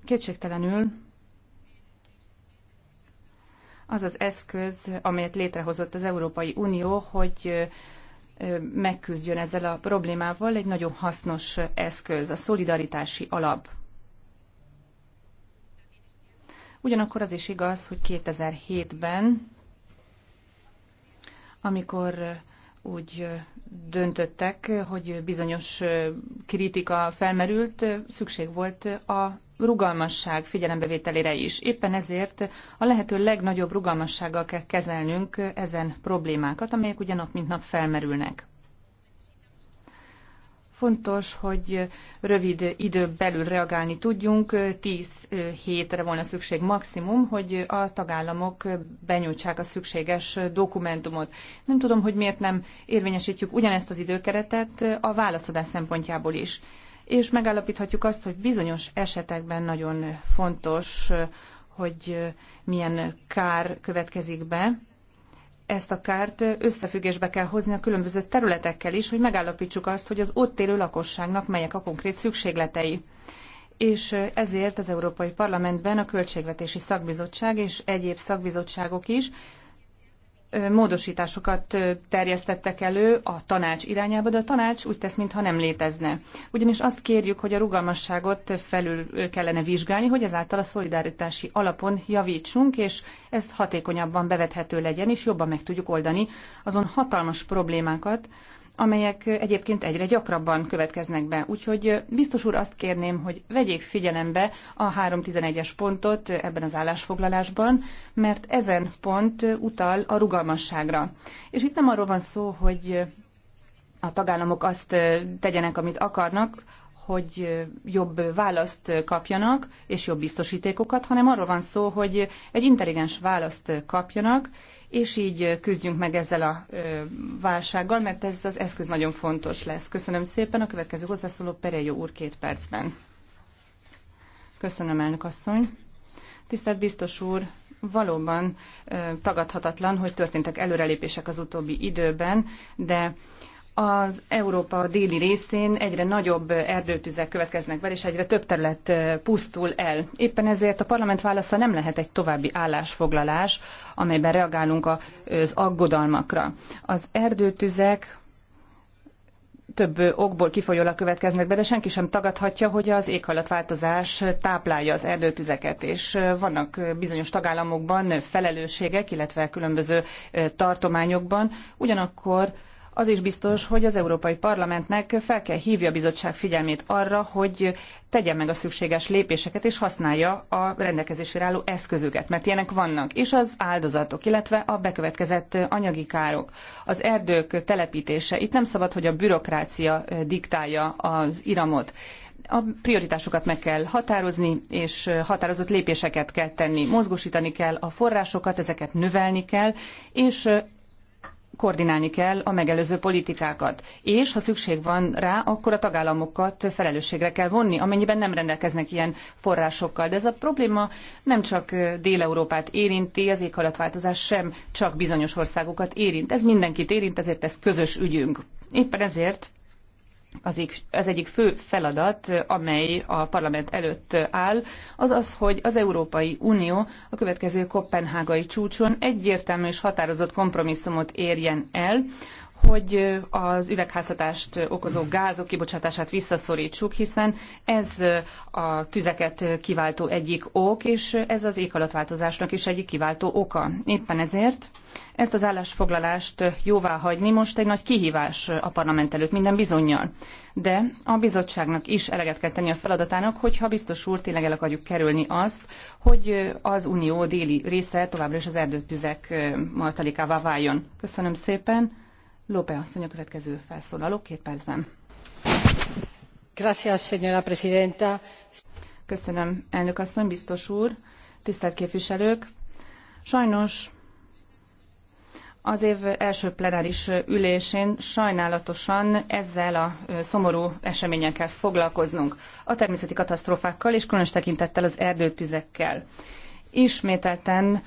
Speaker 2: Kétségtelenül az az eszköz, amelyet létrehozott az Európai Unió, hogy megküzdjön ezzel a problémával, egy nagyon hasznos eszköz, a szolidaritási alap. Ugyanakkor az is igaz, hogy 2007-ben, amikor úgy döntöttek, hogy bizonyos kritika felmerült, szükség volt a rugalmasság figyelembevételére is. Éppen ezért a lehető legnagyobb rugalmassággal kell kezelnünk ezen problémákat, amelyek ugye nap mint nap felmerülnek. Fontos, hogy rövid idő belül reagálni tudjunk, 10 hétre volna szükség maximum, hogy a tagállamok benyújtsák a szükséges dokumentumot. Nem tudom, hogy miért nem érvényesítjük ugyanezt az időkeretet a válaszadás szempontjából is. És megállapíthatjuk azt, hogy bizonyos esetekben nagyon fontos, hogy milyen kár következik be, ezt a kárt összefüggésbe kell hozni a különböző területekkel is, hogy megállapítsuk azt, hogy az ott élő lakosságnak melyek a konkrét szükségletei. És ezért az Európai Parlamentben a Költségvetési Szakbizottság és egyéb szakbizottságok is módosításokat terjesztettek elő a tanács irányába, de a tanács úgy tesz, mintha nem létezne. Ugyanis azt kérjük, hogy a rugalmasságot felül kellene vizsgálni, hogy ezáltal a szolidaritási alapon javítsunk, és ez hatékonyabban bevethető legyen, és jobban meg tudjuk oldani azon hatalmas problémákat, amelyek egyébként egyre gyakrabban következnek be. Úgyhogy biztos úr azt kérném, hogy vegyék figyelembe a 3.11-es pontot ebben az állásfoglalásban, mert ezen pont utal a rugalmasságra. És itt nem arról van szó, hogy a tagállamok azt tegyenek, amit akarnak, hogy jobb választ kapjanak, és jobb biztosítékokat, hanem arról van szó, hogy egy intelligens választ kapjanak, és így küzdjünk meg ezzel a válsággal, mert ez az eszköz nagyon fontos lesz. Köszönöm szépen. A következő hozzászóló Perejó úr két percben. Köszönöm, elnök asszony. Tisztelt biztos úr, valóban tagadhatatlan, hogy történtek előrelépések az utóbbi időben, de az Európa déli részén egyre nagyobb erdőtüzek következnek be, és egyre több terület pusztul el. Éppen ezért a parlament válasza nem lehet egy további állásfoglalás, amelyben reagálunk az aggodalmakra. Az erdőtüzek több okból kifolyólag következnek be, de senki sem tagadhatja, hogy az éghajlatváltozás táplálja az erdőtüzeket, és vannak bizonyos tagállamokban felelősségek, illetve különböző tartományokban, ugyanakkor az is biztos, hogy az Európai Parlamentnek fel kell hívja a bizottság figyelmét arra, hogy tegye meg a szükséges lépéseket, és használja a rendelkezésére álló eszközöket, mert ilyenek vannak, és az áldozatok, illetve a bekövetkezett anyagi károk. Az erdők telepítése. Itt nem szabad, hogy a bürokrácia eh, diktálja az iramot a prioritásokat meg kell határozni, és eh, határozott lépéseket kell tenni. Mozgósítani kell a forrásokat, ezeket növelni kell, és eh, koordinálni kell a megelőző politikákat, és ha szükség van rá, akkor a tagállamokat felelősségre kell vonni, amennyiben nem rendelkeznek ilyen forrásokkal. De ez a probléma nem csak Dél-Európát érinti, az éghajlatváltozás sem csak bizonyos országokat érint. Ez mindenkit érint, ezért ez közös ügyünk. Éppen ezért az, az egyik fő feladat, amely a parlament előtt áll, az az, hogy az Európai Unió a következő kopenhágai csúcson egyértelmű és határozott kompromisszumot érjen el, hogy az üvegházhatást okozó gázok kibocsátását visszaszorítsuk, hiszen ez a tüzeket kiváltó egyik ok, és ez az éghajlatváltozásnak is egyik kiváltó oka. Éppen ezért ezt az állásfoglalást jóváhagyni most egy nagy kihívás a parlament előtt minden bizonyal. De a bizottságnak is eleget kell tenni a feladatának, hogyha biztos úr tényleg el akarjuk kerülni azt, hogy az unió déli része továbbra is az erdőtüzek martalikává váljon. Köszönöm szépen. Lópe asszony a következő felszólaló két percben. Gracias, señora presidenta. Köszönöm, elnök asszony, biztos úr, tisztelt képviselők. Sajnos az év első plenáris ülésén sajnálatosan ezzel a szomorú eseményekkel kell foglalkoznunk. A természeti katasztrófákkal és különös tekintettel az erdőtüzekkel. Ismételten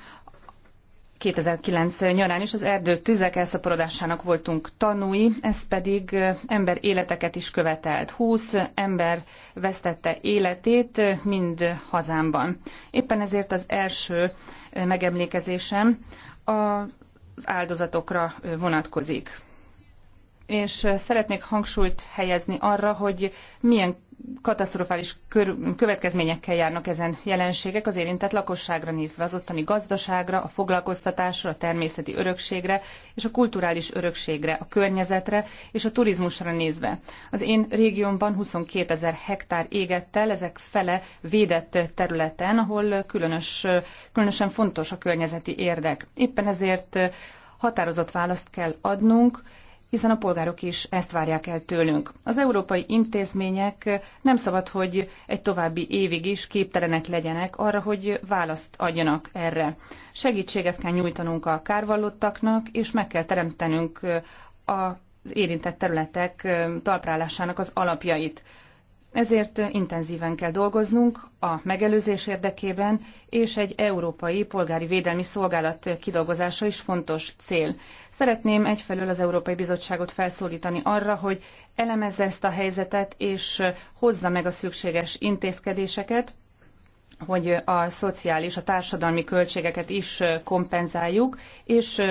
Speaker 2: 2009 nyarán is az erdőtüzek elszaporodásának voltunk tanúi, ez pedig ember életeket is követelt. 20 ember vesztette életét, mind hazámban. Éppen ezért az első megemlékezésem a áldozatokra vonatkozik és szeretnék hangsúlyt helyezni arra, hogy milyen katasztrofális következményekkel járnak ezen jelenségek az érintett lakosságra nézve, az ottani gazdaságra, a foglalkoztatásra, a természeti örökségre és a kulturális örökségre, a környezetre és a turizmusra nézve. Az én régiómban 22 ezer hektár égett el, ezek fele védett területen, ahol különös, különösen fontos a környezeti érdek. Éppen ezért határozott választ kell adnunk, hiszen a polgárok is ezt várják el tőlünk. Az európai intézmények nem szabad, hogy egy további évig is képtelenek legyenek arra, hogy választ adjanak erre. Segítséget kell nyújtanunk a kárvallottaknak, és meg kell teremtenünk az érintett területek talprálásának az alapjait. Ezért intenzíven kell dolgoznunk a megelőzés érdekében, és egy európai polgári védelmi szolgálat kidolgozása is fontos cél. Szeretném egyfelől az Európai Bizottságot felszólítani arra, hogy elemezze ezt a helyzetet, és hozza meg a szükséges intézkedéseket, hogy a szociális, a társadalmi költségeket is kompenzáljuk, és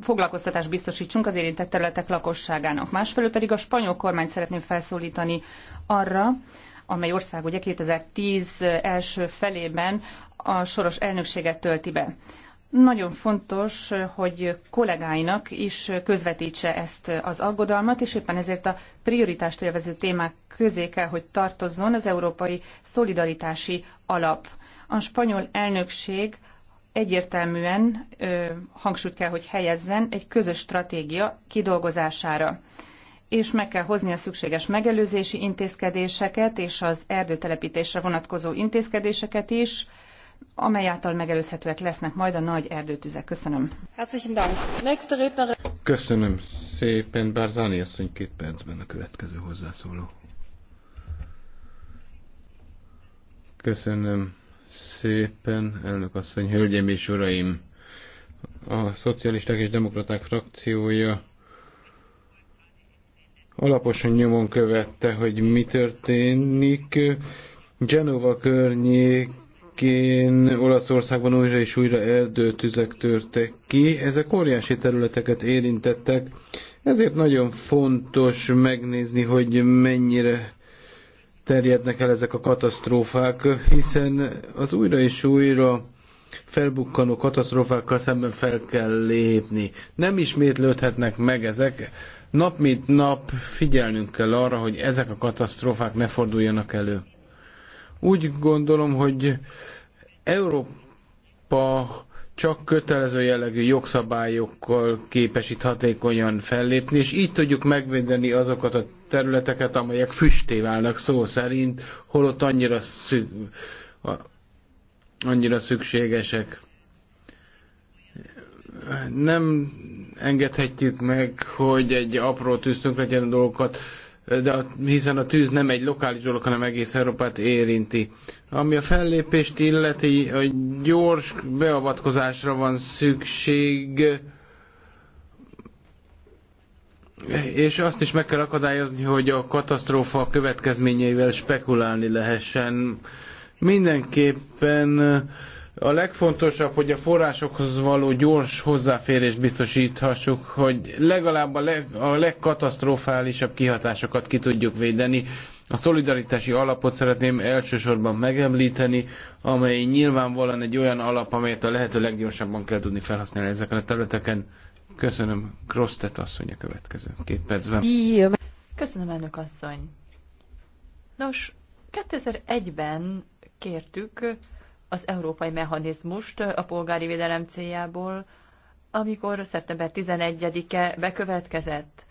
Speaker 2: foglalkoztatást biztosítsunk az érintett területek lakosságának. Másfelől pedig a spanyol kormányt szeretném felszólítani arra, amely ország ugye 2010 első felében a soros elnökséget tölti be nagyon fontos, hogy kollégáinak is közvetítse ezt az aggodalmat, és éppen ezért a prioritást élvező témák közé kell, hogy tartozzon az Európai Szolidaritási Alap. A spanyol elnökség egyértelműen ö, hangsúlyt kell, hogy helyezzen egy közös stratégia kidolgozására és meg kell hozni a szükséges megelőzési intézkedéseket és az erdőtelepítésre vonatkozó intézkedéseket is, amely által megelőzhetőek lesznek majd a nagy erdőtüzek. Köszönöm.
Speaker 1: Köszönöm szépen. Zani asszony két percben a következő hozzászóló. Köszönöm szépen, elnök asszony, hölgyeim és uraim! A Szocialisták és Demokraták frakciója alaposan nyomon követte, hogy mi történik. Genova környék környékén Olaszországban újra és újra erdőtüzek törtek ki. Ezek óriási területeket érintettek, ezért nagyon fontos megnézni, hogy mennyire terjednek el ezek a katasztrófák, hiszen az újra és újra felbukkanó katasztrófákkal szemben fel kell lépni. Nem ismétlődhetnek meg ezek. Nap mint nap figyelnünk kell arra, hogy ezek a katasztrófák ne forduljanak elő. Úgy gondolom, hogy Európa csak kötelező jellegű jogszabályokkal képes itt hatékonyan fellépni, és így tudjuk megvédeni azokat a területeket, amelyek füsté válnak szó szerint, holott annyira, szü- annyira szükségesek. Nem engedhetjük meg, hogy egy apró tűztünk legyen a dolgokat, de hiszen a tűz nem egy lokális dolog, hanem egész Európát érinti. Ami a fellépést illeti, a gyors beavatkozásra van szükség, és azt is meg kell akadályozni, hogy a katasztrófa következményeivel spekulálni lehessen. Mindenképpen a legfontosabb, hogy a forrásokhoz való gyors hozzáférés biztosíthassuk, hogy legalább a, leg, a legkatasztrofálisabb kihatásokat ki tudjuk védeni. A szolidaritási alapot szeretném elsősorban megemlíteni, amely nyilvánvalóan egy olyan alap, amelyet a lehető leggyorsabban kell tudni felhasználni ezeken a területeken. Köszönöm, Krosztet asszony a következő két percben.
Speaker 3: Köszönöm, elnök asszony. Nos, 2001-ben kértük az európai mechanizmust a polgári védelem céljából, amikor szeptember 11-e bekövetkezett.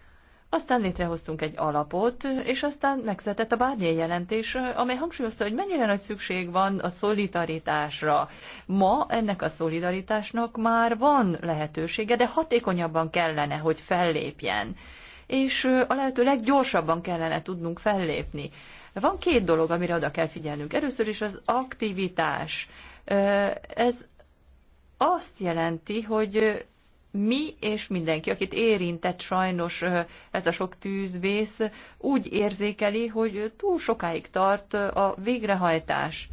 Speaker 3: Aztán létrehoztunk egy alapot, és aztán megszületett a Barnier jelentés, amely hangsúlyozta, hogy mennyire nagy szükség van a szolidaritásra. Ma ennek a szolidaritásnak már van lehetősége, de hatékonyabban kellene, hogy fellépjen. És a lehető leggyorsabban kellene tudnunk fellépni. Van két dolog, amire oda kell figyelnünk. Először is az aktivitás. Ez azt jelenti, hogy mi és mindenki, akit érintett sajnos ez a sok tűzvész, úgy érzékeli, hogy túl sokáig tart a végrehajtás.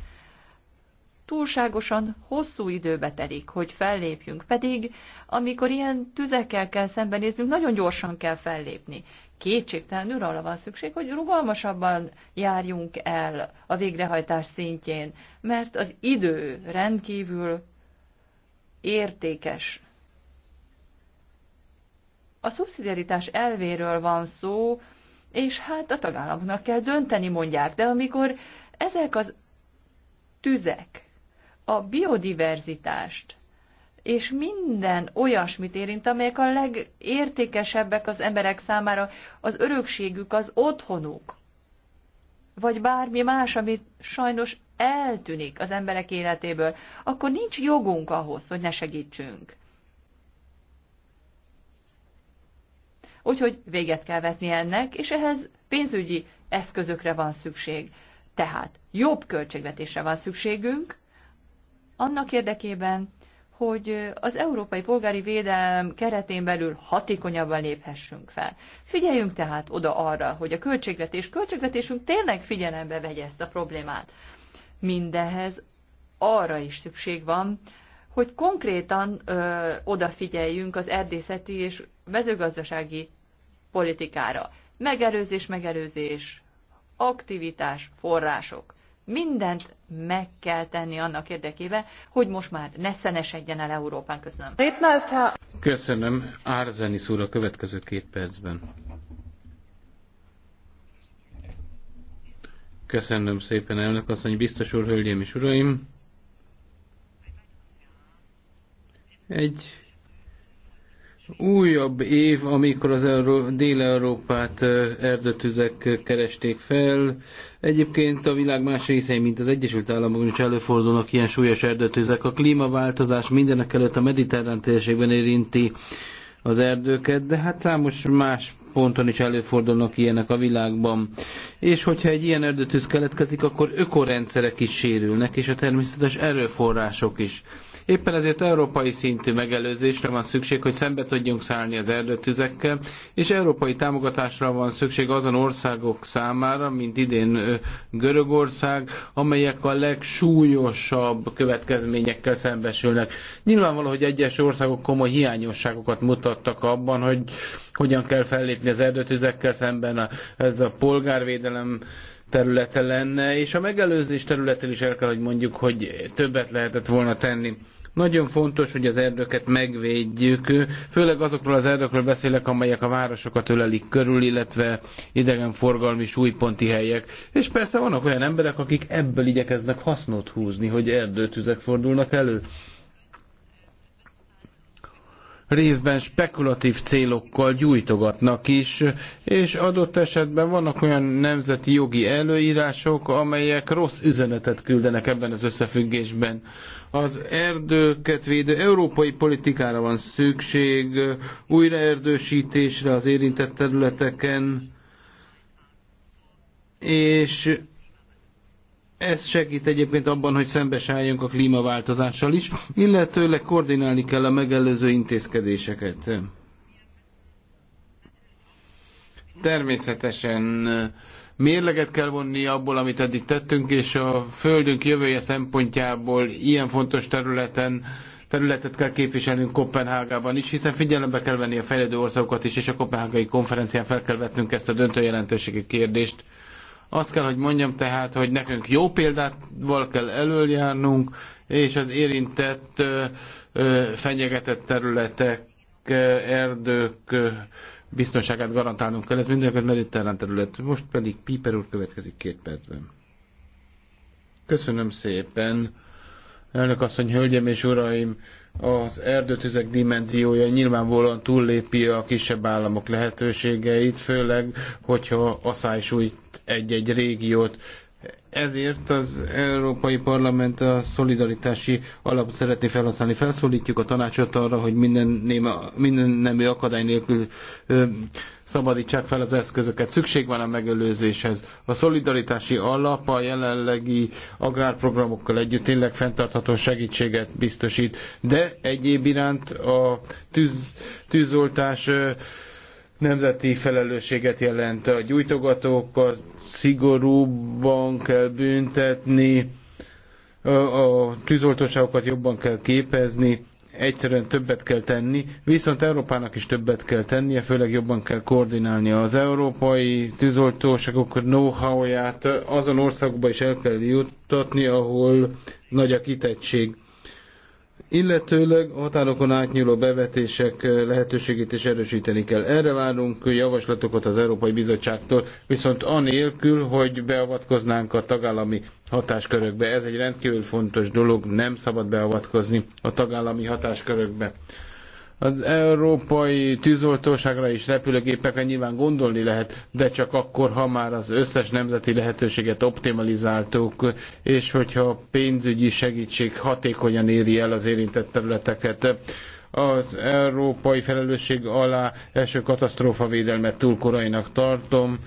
Speaker 3: Túlságosan hosszú időbe telik, hogy fellépjünk, pedig amikor ilyen tüzekkel kell szembenéznünk, nagyon gyorsan kell fellépni kétségtelenül arra van szükség, hogy rugalmasabban járjunk el a végrehajtás szintjén, mert az idő rendkívül értékes. A szubszidiaritás elvéről van szó, és hát a tagállamoknak kell dönteni, mondják, de amikor ezek az tüzek a biodiverzitást és minden olyasmit érint, amelyek a legértékesebbek az emberek számára, az örökségük, az otthonuk, vagy bármi más, ami sajnos eltűnik az emberek életéből, akkor nincs jogunk ahhoz, hogy ne segítsünk. Úgyhogy véget kell vetni ennek, és ehhez pénzügyi eszközökre van szükség. Tehát jobb költségvetésre van szükségünk, annak érdekében, hogy az európai polgári védelem keretén belül hatékonyabban léphessünk fel. Figyeljünk tehát oda arra, hogy a költségvetés, költségvetésünk tényleg figyelembe vegye ezt a problémát. Mindehez arra is szükség van, hogy konkrétan ö, odafigyeljünk az erdészeti és mezőgazdasági politikára. Megelőzés, megelőzés, aktivitás, források mindent meg kell tenni annak érdekében, hogy most már ne szenesedjen el Európán. Köszönöm.
Speaker 1: Köszönöm. Árzeni szóra a következő két percben. Köszönöm szépen, elnök asszony, biztos úr, hölgyeim és uraim. Egy újabb év, amikor az Euró- Dél-Európát erdőtüzek keresték fel. Egyébként a világ más részein, mint az Egyesült Államokban is előfordulnak ilyen súlyos erdőtüzek. A klímaváltozás mindenek előtt a mediterrán térségben érinti az erdőket, de hát számos más ponton is előfordulnak ilyenek a világban. És hogyha egy ilyen erdőtűz keletkezik, akkor ökorendszerek is sérülnek, és a természetes erőforrások is. Éppen ezért európai szintű megelőzésre van szükség, hogy szembe tudjunk szállni az erdőtüzekkel, és európai támogatásra van szükség azon országok számára, mint idén Görögország, amelyek a legsúlyosabb következményekkel szembesülnek. Nyilvánvaló, hogy egyes országok komoly hiányosságokat mutattak abban, hogy hogyan kell fellépni az erdőtüzekkel szemben, ez a polgárvédelem területe lenne, és a megelőzés területén is el kell, hogy mondjuk, hogy többet lehetett volna tenni. Nagyon fontos, hogy az erdőket megvédjük, főleg azokról az erdőkről beszélek, amelyek a városokat ölelik körül, illetve idegenforgalmi súlyponti helyek. És persze vannak olyan emberek, akik ebből igyekeznek hasznot húzni, hogy erdőtüzek fordulnak elő részben spekulatív célokkal gyújtogatnak is, és adott esetben vannak olyan nemzeti jogi előírások, amelyek rossz üzenetet küldenek ebben az összefüggésben. Az erdőket védő európai politikára van szükség, újraerdősítésre az érintett területeken, és ez segít egyébként abban, hogy szembesálljunk a klímaváltozással is, illetőleg koordinálni kell a megelőző intézkedéseket. Természetesen eh, mérleget kell vonni abból, amit eddig tettünk, és a Földünk jövője szempontjából ilyen fontos területen területet kell képviselnünk Kopenhágában is, hiszen figyelembe kell venni a fejlődő országokat is, és a Kopenhágai konferencián fel kell vetnünk ezt a döntő jelentőségű kérdést. Azt kell, hogy mondjam tehát, hogy nekünk jó példával kell előjárnunk, és az érintett fenyegetett területek, erdők biztonságát garantálnunk kell. Ez mindenkit mediterrán terület. Most pedig Piper úr következik két percben. Köszönöm szépen. Elnök asszony, hölgyem és uraim, az erdőtüzek dimenziója nyilvánvalóan túllépi a kisebb államok lehetőségeit, főleg, hogyha aszály sújt egy-egy régiót. Ezért az Európai Parlament a szolidaritási alapot szeretné felhasználni. Felszólítjuk a tanácsot arra, hogy minden, néma, minden nemű akadály nélkül ö, szabadítsák fel az eszközöket. Szükség van a megelőzéshez. A szolidaritási alap a jelenlegi agrárprogramokkal együtt tényleg fenntartható segítséget biztosít, de egyéb iránt a tűz, tűzoltás ö, nemzeti felelősséget jelent. A gyújtogatókat szigorúbban kell büntetni, a tűzoltóságokat jobban kell képezni, egyszerűen többet kell tenni, viszont Európának is többet kell tennie, főleg jobban kell koordinálni az európai tűzoltóságok know-how-ját azon országokba is el kell juttatni, ahol nagy a kitettség illetőleg a határokon átnyúló bevetések lehetőségét is erősíteni kell. Erre várunk javaslatokat az Európai Bizottságtól, viszont anélkül, hogy beavatkoznánk a tagállami hatáskörökbe. Ez egy rendkívül fontos dolog, nem szabad beavatkozni a tagállami hatáskörökbe. Az európai tűzoltóságra és repülőgépekre nyilván gondolni lehet, de csak akkor, ha már az összes nemzeti lehetőséget optimalizáltuk, és hogyha pénzügyi segítség hatékonyan éri el az érintett területeket az európai felelősség alá első katasztrófavédelmet túl korainak tartom,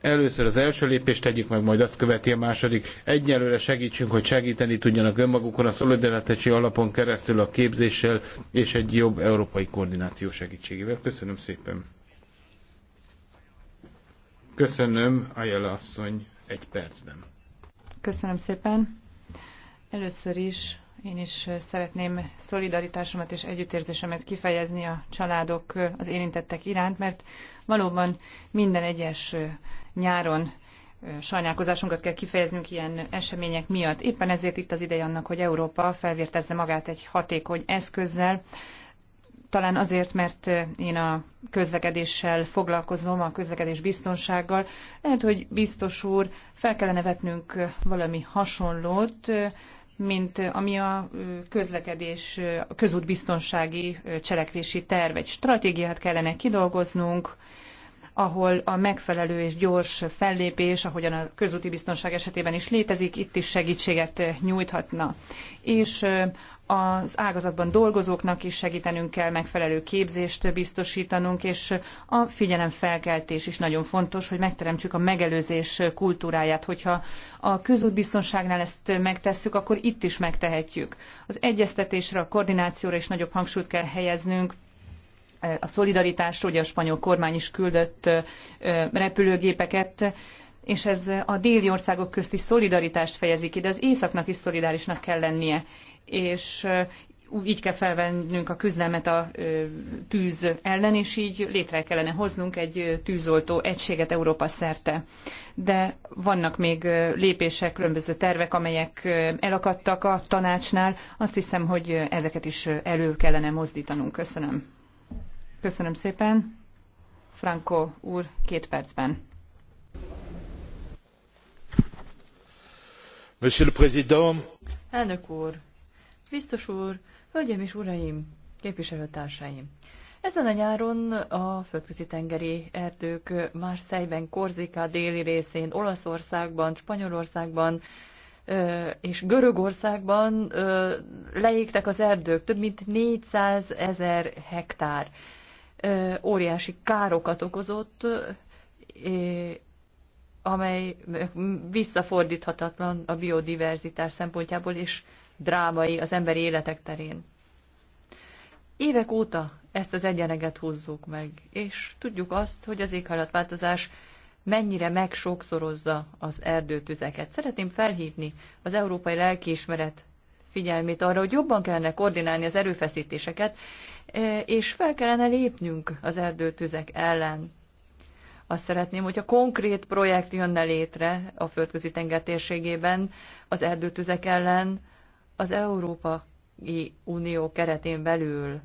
Speaker 1: Először az első lépést tegyük meg, majd azt követi a második. Egyelőre segítsünk, hogy segíteni tudjanak önmagukon a szolidaritási alapon keresztül a képzéssel és egy jobb európai koordináció segítségével. Köszönöm szépen. Köszönöm, Ajala asszony, egy percben.
Speaker 2: Köszönöm szépen. Először is én is szeretném szolidaritásomat és együttérzésemet kifejezni a családok, az érintettek iránt, mert Valóban minden egyes nyáron sajnálkozásunkat kell kifejeznünk ilyen események miatt. Éppen ezért itt az ideje annak, hogy Európa felvértezze magát egy hatékony eszközzel, talán azért, mert én a közlekedéssel foglalkozom, a közlekedés biztonsággal. Lehet, hogy biztos úr, fel kellene vetnünk valami hasonlót, mint ami a közlekedés, a közútbiztonsági cselekvési terv. Egy stratégiát kellene kidolgoznunk, ahol a megfelelő és gyors fellépés, ahogyan a közúti biztonság esetében is létezik, itt is segítséget nyújthatna. És az ágazatban dolgozóknak is segítenünk kell, megfelelő képzést biztosítanunk, és a figyelemfelkeltés is nagyon fontos, hogy megteremtsük a megelőzés kultúráját. Hogyha a közútbiztonságnál ezt megtesszük, akkor itt is megtehetjük. Az egyeztetésre, a koordinációra is nagyobb hangsúlyt kell helyeznünk, a szolidaritásról, ugye a spanyol kormány is küldött repülőgépeket, és ez a déli országok közti szolidaritást fejezi ki, de az északnak is szolidárisnak kell lennie. És így kell felvennünk a küzdelmet a tűz ellen, és így létre kellene hoznunk egy tűzoltó egységet Európa szerte. De vannak még lépések, különböző tervek, amelyek elakadtak a tanácsnál. Azt hiszem, hogy ezeket is elő kellene mozdítanunk. Köszönöm. Köszönöm szépen. Franco úr, két percben.
Speaker 1: Monsieur le Président.
Speaker 3: Elnök úr, biztos úr, hölgyeim és uraim, képviselőtársaim. Ezen a nyáron a földközi tengeri erdők Marseille-ben, Korzika déli részén, Olaszországban, Spanyolországban és Görögországban leégtek az erdők, több mint 400 ezer hektár óriási károkat okozott, amely visszafordíthatatlan a biodiverzitás szempontjából, és drámai az emberi életek terén. Évek óta ezt az egyeneget húzzuk meg, és tudjuk azt, hogy az éghajlatváltozás mennyire megsokszorozza az erdőtüzeket. Szeretném felhívni az európai lelkiismeret figyelmét arra, hogy jobban kellene koordinálni az erőfeszítéseket, E, és fel kellene lépnünk az erdőtüzek ellen. Azt szeretném, hogyha konkrét projekt jönne létre a földközi tenger térségében az erdőtüzek ellen az Európai Unió keretén belül.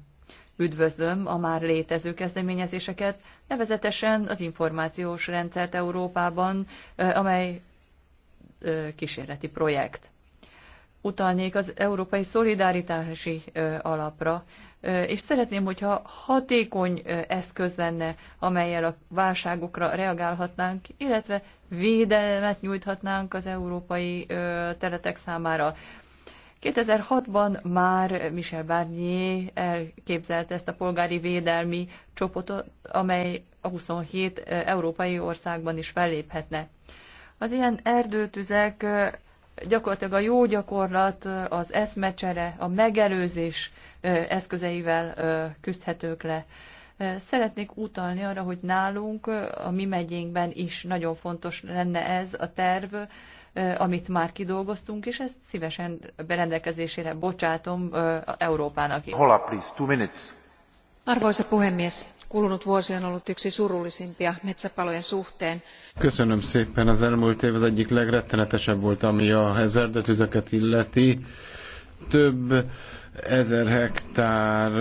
Speaker 3: Üdvözlöm a már létező kezdeményezéseket, nevezetesen az információs rendszert Európában, e, amely e, kísérleti projekt utalnék az Európai Szolidaritási Alapra, és szeretném, hogyha hatékony eszköz lenne, amelyel a válságokra reagálhatnánk, illetve védelmet nyújthatnánk az európai területek számára. 2006-ban már Michel Barnier elképzelte ezt a polgári védelmi csoportot, amely a 27 európai országban is felléphetne. Az ilyen erdőtüzek gyakorlatilag a jó gyakorlat, az eszmecsere, a megelőzés eszközeivel küzdhetők le. Szeretnék utalni arra, hogy nálunk, a mi megyénkben is nagyon fontos lenne ez a terv, amit már kidolgoztunk, és ezt szívesen berendelkezésére bocsátom Európának.
Speaker 1: is. please, two minutes.
Speaker 3: Arvoisa puhemies, kulunut
Speaker 2: vuosi on ollut yksi surullisimpia metsäpalojen suhteen.
Speaker 1: Köszönöm szépen. Az elmúlt év az egyik legrettenetesebb volt, ami az erdőtüzeket illeti. Több ezer hektár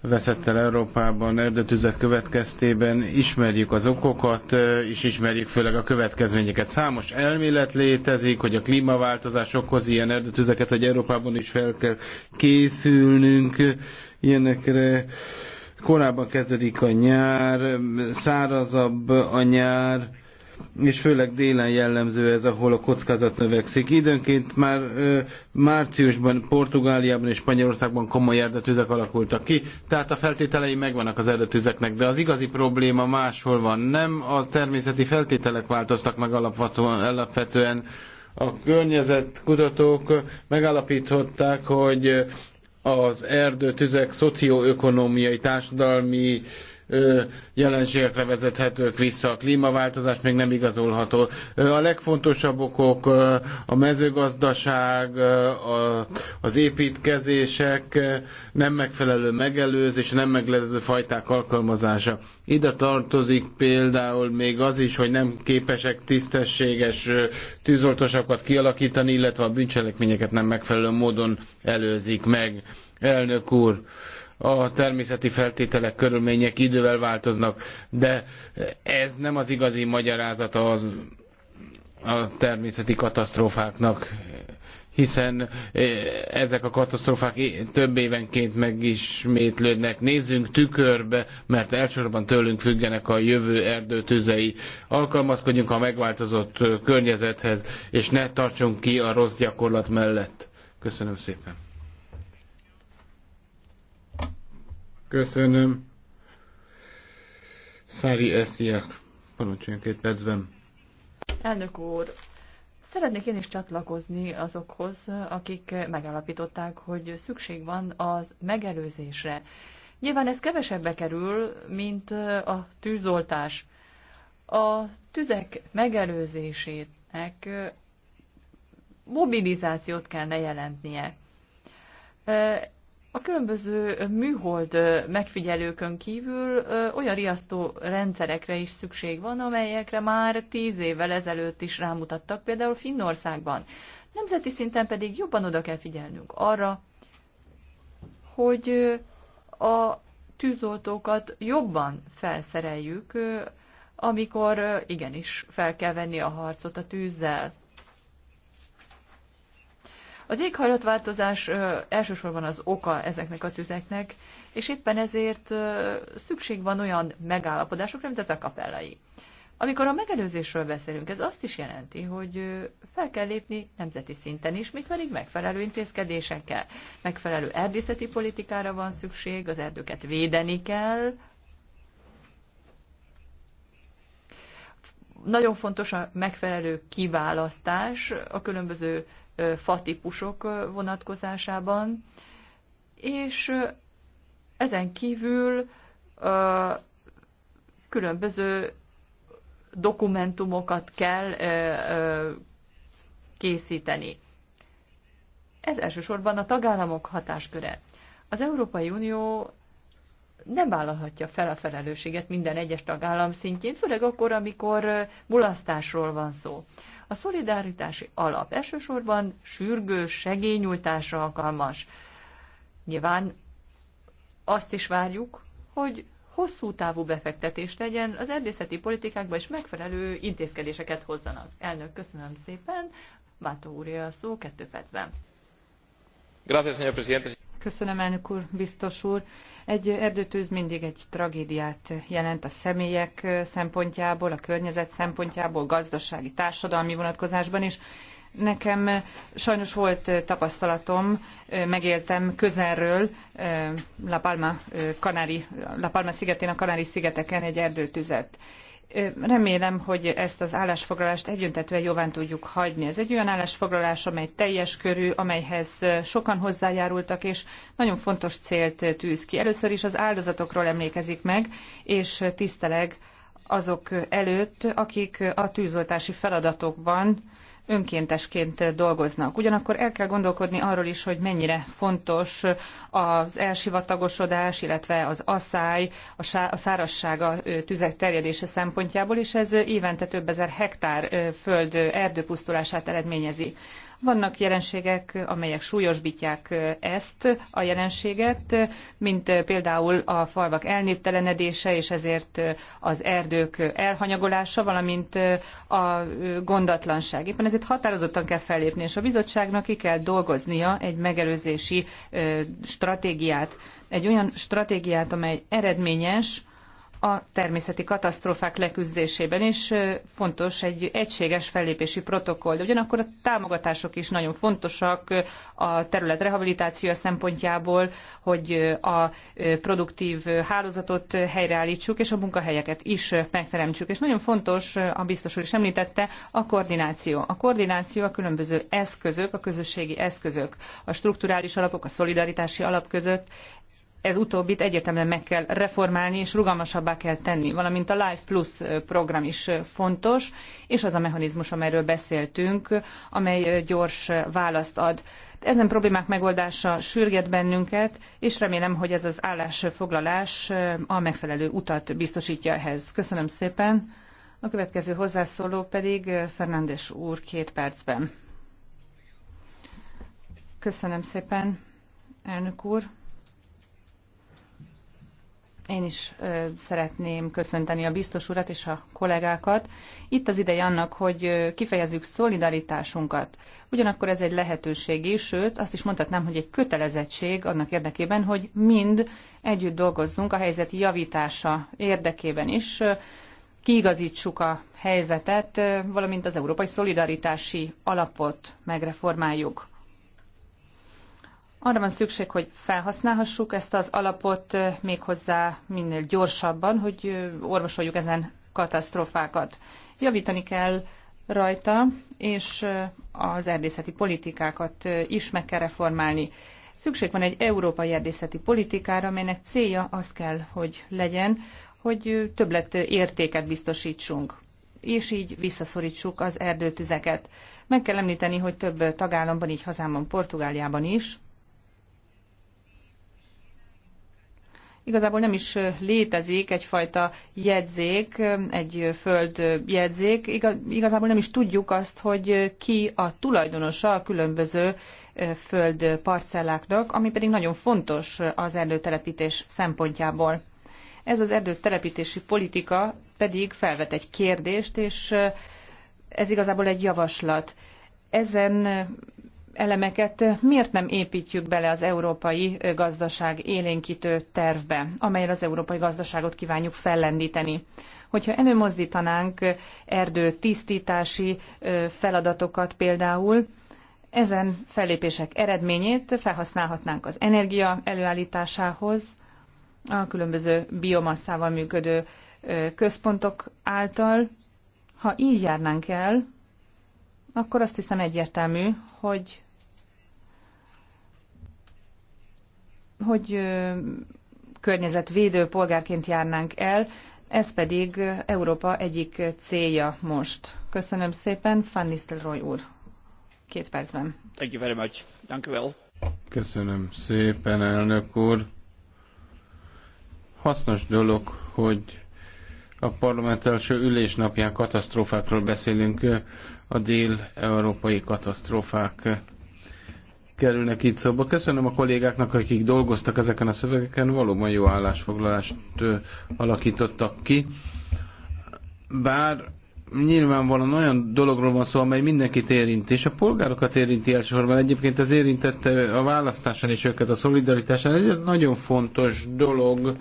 Speaker 1: veszett el Európában erdőtüzek következtében. Ismerjük az okokat, és ismerjük főleg a következményeket. Számos elmélet létezik, hogy a klímaváltozás okoz ilyen erdőtüzeket, hogy Európában is fel kell készülnünk ilyenekre korábban kezdődik a nyár, szárazabb a nyár, és főleg délen jellemző ez, ahol a kockázat növekszik. Időnként már ö, márciusban Portugáliában és Spanyolországban komoly erdőtüzek alakultak ki, tehát a feltételei megvannak az erdőtüzeknek, de az igazi probléma máshol van. Nem a természeti feltételek változtak meg alapvetően, alapvetően a környezetkutatók megállapították, hogy az erdőtüzek szocioökonomiai, társadalmi jelenségekre vezethetők vissza. A klímaváltozás még nem igazolható. A legfontosabb okok a mezőgazdaság, az építkezések, nem megfelelő megelőzés, nem megelőző fajták alkalmazása. Ide tartozik például még az is, hogy nem képesek tisztességes tűzoltosokat kialakítani, illetve a bűncselekményeket nem megfelelő módon előzik meg. Elnök úr, a természeti feltételek, körülmények idővel változnak, de ez nem az igazi magyarázata az, a természeti katasztrófáknak, hiszen eh, ezek a katasztrófák több évenként megismétlődnek. Nézzünk tükörbe, mert elsősorban tőlünk függenek a jövő erdőtüzei. Alkalmazkodjunk a megváltozott eh, környezethez, és ne tartsunk ki a rossz gyakorlat mellett. Köszönöm szépen. Köszönöm. Szári Esziak, parancsoljon két percben.
Speaker 3: Elnök úr, Szeretnék én is csatlakozni azokhoz, akik megállapították, hogy szükség van az megelőzésre. Nyilván ez kevesebbe kerül, mint a tűzoltás. A tüzek megelőzésének mobilizációt kell jelentnie. A különböző műhold megfigyelőkön kívül olyan riasztó rendszerekre is szükség van, amelyekre már tíz évvel ezelőtt is rámutattak, például Finnországban. Nemzeti szinten pedig jobban oda kell figyelnünk arra, hogy a tűzoltókat jobban felszereljük, amikor igenis fel kell venni a harcot a tűzzel. Az éghajlatváltozás elsősorban az oka ezeknek a tüzeknek, és éppen ezért szükség van olyan megállapodásokra, mint ez a kapellai. Amikor a megelőzésről beszélünk, ez azt is jelenti, hogy fel kell lépni nemzeti szinten is, mint pedig megfelelő intézkedésekkel. Megfelelő erdészeti politikára van szükség, az erdőket védeni kell. Nagyon fontos a megfelelő kiválasztás a különböző fatípusok vonatkozásában, és ezen kívül különböző dokumentumokat kell készíteni. Ez elsősorban a tagállamok hatásköre. Az Európai Unió nem vállalhatja fel a felelősséget minden egyes tagállam szintjén, főleg akkor, amikor mulasztásról van szó. A szolidaritási alap elsősorban sürgős segényújtásra alkalmas. Nyilván azt is várjuk, hogy hosszú távú befektetést legyen, az erdészeti politikákba és megfelelő intézkedéseket hozzanak. Elnök, köszönöm szépen. Bátó úr a szó, kettő percben.
Speaker 1: presidente.
Speaker 2: Köszönöm, elnök úr, biztos úr. Egy erdőtűz mindig egy tragédiát jelent a személyek szempontjából, a környezet szempontjából, gazdasági, társadalmi vonatkozásban is. Nekem sajnos volt tapasztalatom, megéltem közelről La Palma, Kanári, La Palma szigetén, a Kanári szigeteken egy erdőtüzet. Remélem, hogy ezt az állásfoglalást egyöntetően jóván tudjuk hagyni. Ez egy olyan állásfoglalás, amely teljes körű, amelyhez sokan hozzájárultak, és nagyon fontos célt tűz ki. Először is az áldozatokról emlékezik meg, és tiszteleg azok előtt, akik a tűzoltási feladatokban önkéntesként dolgoznak. Ugyanakkor el kell gondolkodni arról is, hogy mennyire fontos az elsivatagosodás, illetve az asszály, a szárazság a tüzek terjedése szempontjából, és ez évente több ezer hektár föld erdőpusztulását eredményezi. Vannak jelenségek, amelyek súlyosbítják ezt a jelenséget, mint például a falvak elnéptelenedése, és ezért az erdők elhanyagolása, valamint a gondatlanság. Éppen ezért határozottan kell fellépni, és a bizottságnak ki kell dolgoznia egy megelőzési stratégiát. Egy olyan stratégiát, amely eredményes, a természeti katasztrófák leküzdésében is fontos egy egységes fellépési protokoll. De ugyanakkor a támogatások is nagyon fontosak a terület rehabilitációja szempontjából, hogy a produktív hálózatot helyreállítsuk, és a munkahelyeket is megteremtsük. És nagyon fontos, a biztos úr is említette, a koordináció. A koordináció a különböző eszközök, a közösségi eszközök, a strukturális alapok, a szolidaritási alap között, ez utóbbit egyértelműen meg kell reformálni, és rugalmasabbá kell tenni, valamint a Life Plus program is fontos, és az a mechanizmus, amelyről beszéltünk, amely gyors választ ad. Ezen problémák megoldása sürget bennünket, és remélem, hogy ez az állásfoglalás a megfelelő utat biztosítja ehhez. Köszönöm szépen. A következő hozzászóló pedig Fernándes úr két percben. Köszönöm szépen, elnök úr. Én is ö, szeretném köszönteni a biztos urat és a kollégákat. Itt az ideje annak, hogy kifejezzük szolidaritásunkat. Ugyanakkor ez egy lehetőség is, sőt, azt is mondhatnám, hogy egy kötelezettség annak érdekében, hogy mind együtt dolgozzunk a helyzet javítása érdekében is, kiigazítsuk a helyzetet, valamint az európai szolidaritási alapot megreformáljuk. Arra van szükség, hogy felhasználhassuk ezt az alapot méghozzá minél gyorsabban, hogy orvosoljuk ezen katasztrófákat. Javítani kell rajta, és az erdészeti politikákat is meg kell reformálni. Szükség van egy európai erdészeti politikára, amelynek célja az kell, hogy legyen, hogy többlet értéket biztosítsunk és így visszaszorítsuk az erdőtüzeket. Meg kell említeni, hogy több tagállamban, így hazámban, Portugáliában is igazából nem is létezik egyfajta jegyzék, egy földjegyzék, igazából nem is tudjuk azt, hogy ki a tulajdonosa a különböző földparcelláknak, ami pedig nagyon fontos az erdőtelepítés szempontjából. Ez az erdőtelepítési politika pedig felvet egy kérdést, és ez igazából egy javaslat. Ezen elemeket miért nem építjük bele az európai gazdaság élénkítő tervbe, amelyre az európai gazdaságot kívánjuk fellendíteni? Hogyha előmozdítanánk erdő tisztítási feladatokat például, ezen fellépések eredményét felhasználhatnánk az energia előállításához, a különböző biomasszával működő központok által. Ha így járnánk el, akkor azt hiszem egyértelmű, hogy hogy környezetvédő polgárként járnánk el, ez pedig Európa egyik célja most. Köszönöm szépen, Van Nistelrooy úr. Két percben.
Speaker 1: Thank you very much. Thank you well. Köszönöm szépen, elnök úr. Hasznos dolog, hogy a parlament első ülésnapján katasztrófákról beszélünk, a dél-európai katasztrófák kerülnek itt szóba. Köszönöm a kollégáknak, akik dolgoztak ezeken a szövegeken, valóban jó állásfoglalást alakítottak ki. Bár nyilvánvalóan olyan dologról van szó, amely mindenkit érint, és a polgárokat érinti elsősorban. Egyébként ez érintette a választáson is őket, a szolidaritáson. Ez egy nagyon fontos dolog.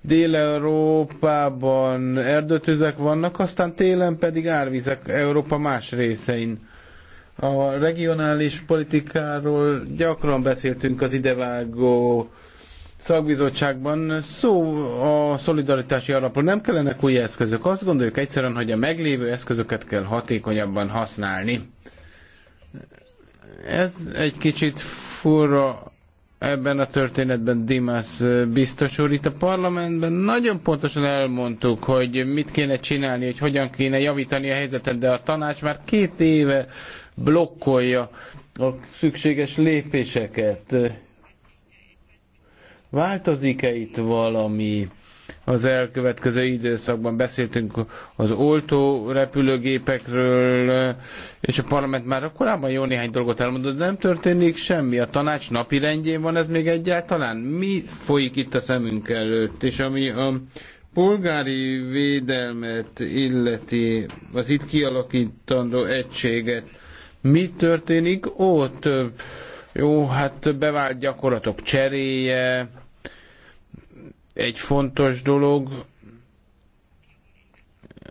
Speaker 1: Dél-Európában erdőtüzek vannak, aztán télen pedig árvizek Európa más részein a regionális politikáról gyakran beszéltünk az idevágó szakbizottságban szó a szolidaritási alapról. Nem kellenek új eszközök. Azt gondoljuk egyszerűen, hogy a meglévő eszközöket kell hatékonyabban használni. Ez egy kicsit fura ebben a történetben Dimas biztos úr. Itt a parlamentben nagyon pontosan elmondtuk, hogy mit kéne csinálni, hogy hogyan kéne javítani a helyzetet, de a tanács már két éve blokkolja a szükséges lépéseket. Változik-e itt valami? az elkövetkező időszakban beszéltünk az oltó repülőgépekről, és a parlament már korábban jó néhány dolgot elmondott, de nem történik semmi. A tanács napi rendjén van ez még egyáltalán. Mi folyik itt a szemünk előtt? És ami a polgári védelmet illeti, az itt kialakítandó egységet, mi történik ott? Jó, hát bevált gyakorlatok cseréje, egy fontos dolog,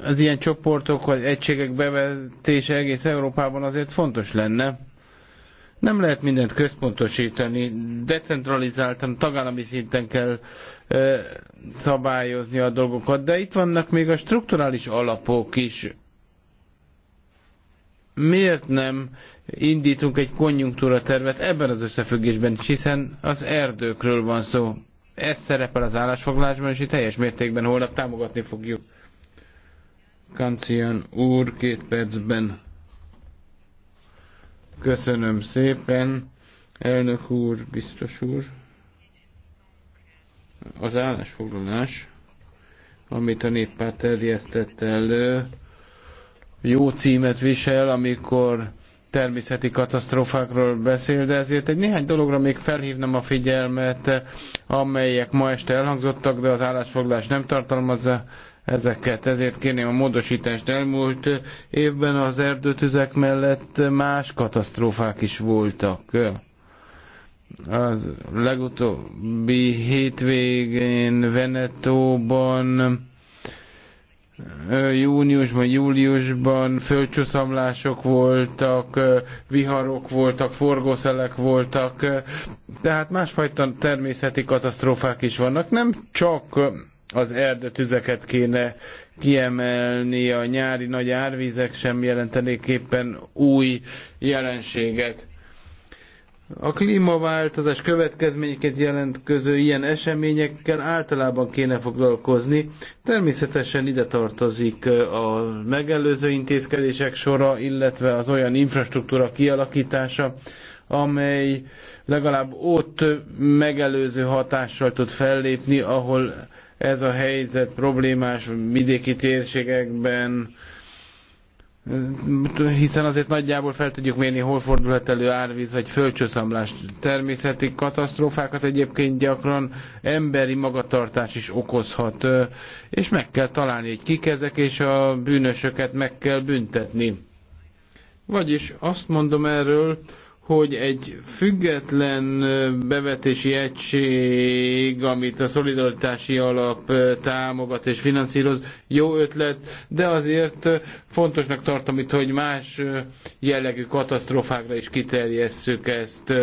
Speaker 1: az ilyen csoportok vagy egységek bevetése egész Európában azért fontos lenne. Nem lehet mindent központosítani, decentralizáltan, tagállami szinten kell e, szabályozni a dolgokat, de itt vannak még a strukturális alapok is, miért nem indítunk egy konjunktúra tervet ebben az összefüggésben, hiszen az erdőkről van szó. Ez szerepel az állásfoglalásban, és itt teljes mértékben holnap támogatni fogjuk. Kancian úr, két percben. Köszönöm szépen, elnök úr, biztos úr. Az állásfoglalás, amit a néppárt terjesztett elő, jó címet visel, amikor természeti katasztrófákról beszél, de ezért egy néhány dologra még felhívnám a figyelmet, amelyek ma este elhangzottak, de az állásfoglalás nem tartalmazza ezeket. Ezért kérném a módosítást. Elmúlt évben az erdőtüzek mellett más katasztrófák is voltak. Az legutóbbi hétvégén Venetóban júniusban, júliusban földcsúszamlások voltak, viharok voltak, forgószelek voltak, tehát másfajta természeti katasztrófák is vannak. Nem csak az erdőtüzeket kéne kiemelni, a nyári nagy árvízek sem jelentenék éppen új jelenséget. A klímaváltozás következményeket jelentkező ilyen eseményekkel általában kéne foglalkozni. Természetesen ide tartozik a megelőző intézkedések sora, illetve az olyan infrastruktúra kialakítása, amely legalább ott megelőző hatással tud fellépni, ahol ez a helyzet problémás vidéki térségekben, hiszen azért nagyjából fel tudjuk mérni, hol fordulhat elő árvíz vagy földcsőszamlás. Természeti katasztrófákat egyébként gyakran emberi magatartás is okozhat, és meg kell találni, hogy kik ezek, és a bűnösöket meg kell büntetni. Vagyis azt mondom erről, hogy egy független bevetési egység, amit a szolidaritási alap támogat és finanszíroz, jó ötlet, de azért fontosnak tartom itt, hogy más jellegű katasztrofákra is kiterjesszük ezt.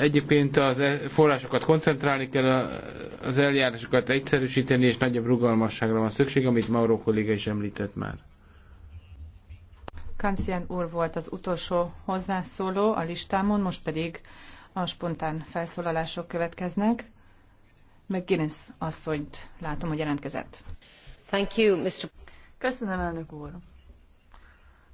Speaker 1: Egyébként az e, forrásokat koncentrálni kell, az eljárásokat egyszerűsíteni, és nagyobb rugalmasságra van szükség, amit Mauro kolléga is említett már.
Speaker 2: Kancian úr volt az utolsó hozzászóló a listámon, most pedig a spontán felszólalások következnek. Meg Guinness asszonyt látom, hogy jelentkezett.
Speaker 3: Thank you, Mr. Köszönöm, elnök úr.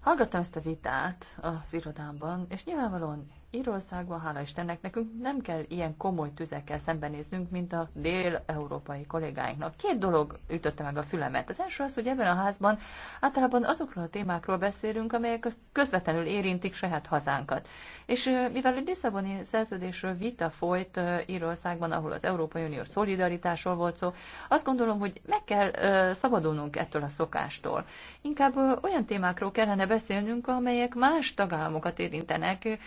Speaker 3: Hallgattam ezt a vitát az irodámban, és nyilvánvalóan Írországban, hála Istennek, nekünk nem kell ilyen komoly tüzekkel szembenéznünk, mint a dél-európai kollégáinknak. Két dolog ütötte meg a fülemet. Az első az, hogy ebben a házban általában azokról a témákról beszélünk, amelyek közvetlenül érintik saját hazánkat. És mivel a Lisszaboni szerződésről vita folyt Írországban, ahol az Európai Unió szolidaritásról volt szó, azt gondolom, hogy meg kell szabadulnunk ettől a szokástól. Inkább olyan témákról kellene beszélnünk, amelyek más tagállamokat érintenek,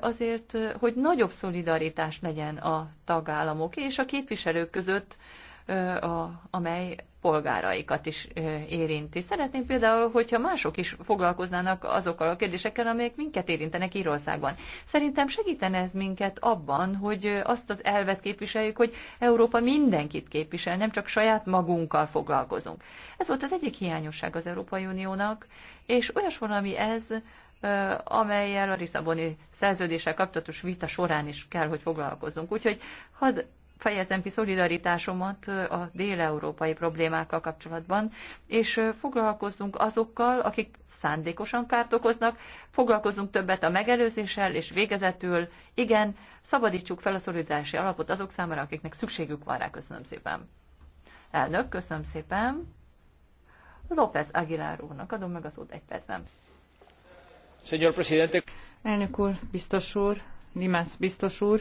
Speaker 3: azért, hogy nagyobb szolidaritás legyen a tagállamok és a képviselők között, a, amely polgáraikat is érinti. Szeretném például, hogyha mások is foglalkoznának azokkal a kérdésekkel, amelyek minket érintenek Írországban. Szerintem segítene ez minket abban, hogy azt az elvet képviseljük, hogy Európa mindenkit képvisel, nem csak saját magunkkal foglalkozunk. Ez volt az egyik hiányosság az Európai Uniónak, és olyas valami ez, amelyel a Lisszaboni szerződéssel kapcsolatos vita során is kell, hogy foglalkozzunk. Úgyhogy hadd fejezem ki szolidaritásomat a déleurópai problémákkal kapcsolatban, és foglalkozzunk azokkal, akik szándékosan kárt okoznak, foglalkozzunk többet a megelőzéssel, és végezetül, igen, szabadítsuk fel a szolidaritási alapot azok számára, akiknek szükségük van rá. Köszönöm szépen. Elnök, köszönöm szépen. López Aguilar úrnak adom meg az szót egy percben. Elnök úr, biztos úr, Limász biztos úr,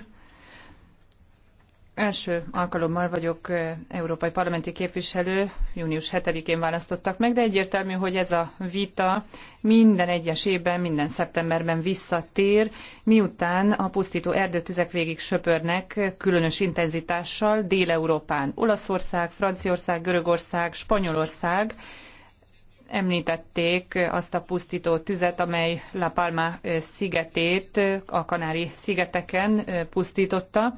Speaker 2: első alkalommal vagyok eh, európai parlamenti képviselő, június 7-én választottak meg, de egyértelmű, hogy ez a vita minden egyes évben, minden szeptemberben visszatér, miután a pusztító erdőtüzek végig söpörnek különös intenzitással Dél-Európán. Olaszország, Franciaország, Görögország, Spanyolország, említették azt a pusztító tüzet, amely La Palma szigetét a Kanári-szigeteken pusztította,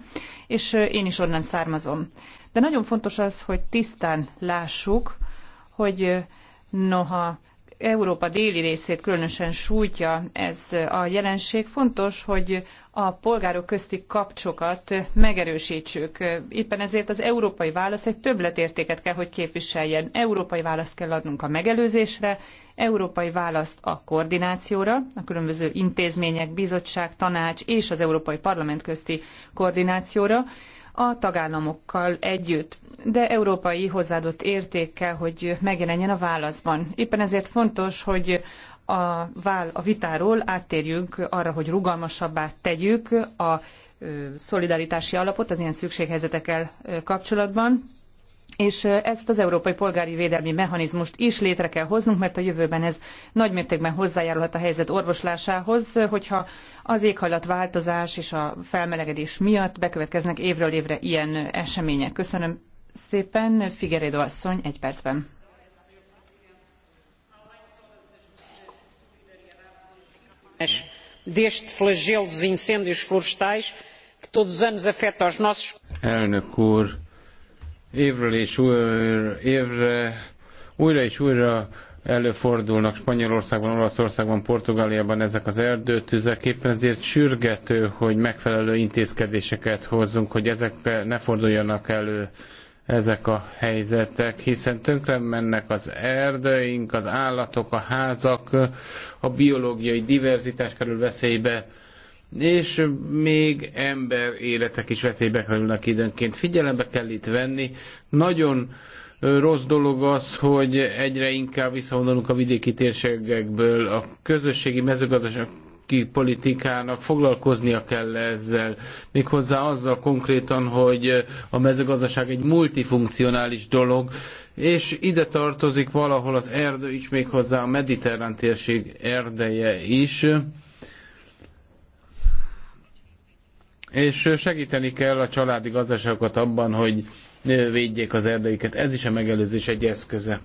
Speaker 2: és én is onnan származom. De nagyon fontos az, hogy tisztán lássuk, hogy noha Európa déli részét különösen sújtja ez a jelenség, fontos, hogy a polgárok közti kapcsokat megerősítsük. Éppen ezért az európai válasz egy többletértéket kell, hogy képviseljen. Európai választ kell adnunk a megelőzésre, európai választ a koordinációra, a különböző intézmények, bizottság, tanács és az Európai Parlament közti koordinációra, a tagállamokkal együtt, de európai hozzáadott értékkel, hogy megjelenjen a válaszban. Éppen ezért fontos, hogy a, vál, a vitáról áttérjünk arra, hogy rugalmasabbá tegyük a szolidaritási alapot az ilyen szükséghelyzetekkel kapcsolatban, és ezt az európai polgári védelmi mechanizmust is létre kell hoznunk, mert a jövőben ez nagy mértékben hozzájárulhat a helyzet orvoslásához, hogyha az éghajlatváltozás és a felmelegedés miatt bekövetkeznek évről évre ilyen események. Köszönöm szépen, Figueredo asszony, egy percben. vítimas deste flagelo dos incêndios florestais que todos os anos
Speaker 1: afeta os nossos. Elnök úr, évről és évre, újra és újra előfordulnak Spanyolországban, Olaszországban, Portugáliában ezek az erdőtüzek. Éppen ezért sürgető, hogy megfelelő intézkedéseket hozzunk, hogy ezek ne forduljanak elő ezek a helyzetek, hiszen tönkre mennek az erdőink, az állatok, a házak, a biológiai diverzitás kerül veszélybe, és még ember életek is veszélybe kerülnek időnként. Figyelembe kell itt venni. Nagyon rossz dolog az, hogy egyre inkább visszavonulunk a vidéki térségekből. A közösségi mezőgazdaság politikának foglalkoznia kell ezzel, méghozzá azzal konkrétan, hogy a mezőgazdaság egy multifunkcionális dolog, és ide tartozik valahol az erdő is, méghozzá a mediterrán térség erdeje is. És segíteni kell a családi gazdaságokat abban, hogy védjék az erdeiket. Ez is a megelőzés egy eszköze.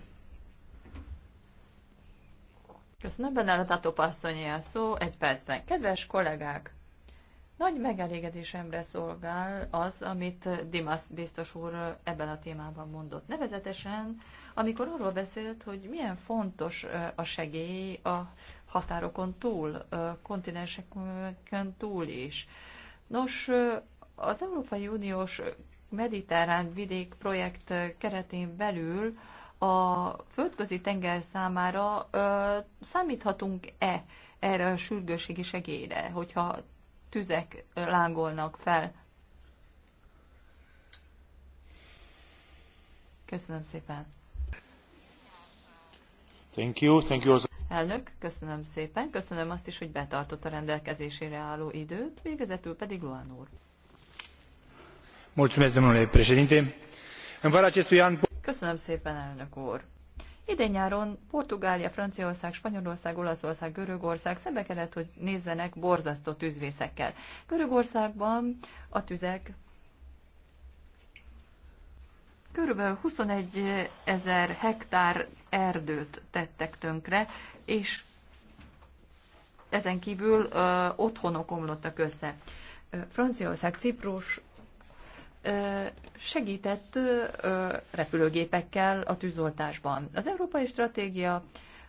Speaker 3: Köszönöm, a passzonyi a szó egy percben. Kedves kollégák, nagy megelégedésemre szolgál az, amit Dimas biztos úr ebben a témában mondott. Nevezetesen, amikor arról beszélt, hogy milyen fontos a segély a határokon túl, a kontinenseken túl is. Nos, az Európai Uniós mediterrán vidék projekt keretén belül a földközi tenger számára ö, számíthatunk-e erre a sürgőségi segélyre, hogyha tüzek lángolnak fel? Köszönöm szépen.
Speaker 1: Thank you, thank you also.
Speaker 3: Elnök, köszönöm szépen. Köszönöm azt is, hogy betartott a rendelkezésére álló időt, végezetül pedig Luan úr.
Speaker 1: Mulțumesc, domnule președinte. În vara acestui an,
Speaker 3: Köszönöm szépen, elnök úr! Idén nyáron Portugália, Franciaország, Spanyolország, Olaszország, Görögország szembe kellett, hogy nézzenek borzasztó tűzvészekkel. Görögországban a tüzek körülbelül 21 ezer hektár erdőt tettek tönkre, és ezen kívül ö, otthonok omlottak össze. Franciaország, Ciprus, segített repülőgépekkel a tűzoltásban. Az európai stratégia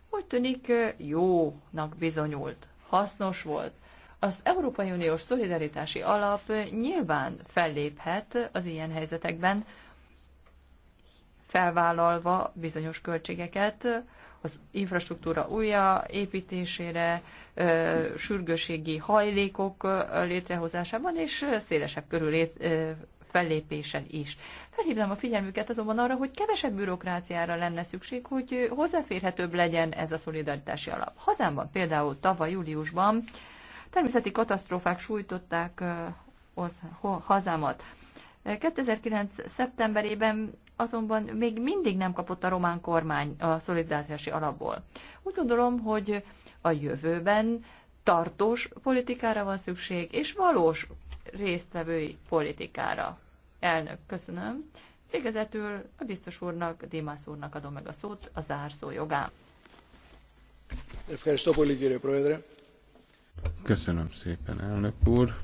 Speaker 3: úgy tűnik jónak bizonyult, hasznos volt. Az Európai Uniós Szolidaritási Alap nyilván felléphet az ilyen helyzetekben, felvállalva bizonyos költségeket az infrastruktúra építésére, sürgőségi hajlékok létrehozásában és szélesebb körül fellépéssel is. Felhívnám a figyelmüket azonban arra, hogy kevesebb bürokráciára lenne szükség, hogy hozzáférhetőbb legyen ez a szolidaritási alap. Hazámban például tavaly júliusban természeti katasztrófák sújtották hazámat. 2009. szeptemberében azonban még mindig nem kapott a román kormány a szolidaritási alapból. Úgy gondolom, hogy a jövőben tartós politikára van szükség, és valós résztvevői politikára. Elnök, köszönöm. Végezetül a biztos úrnak, Démász úrnak adom meg a szót a zárszó jogán.
Speaker 1: Köszönöm szépen, elnök úr.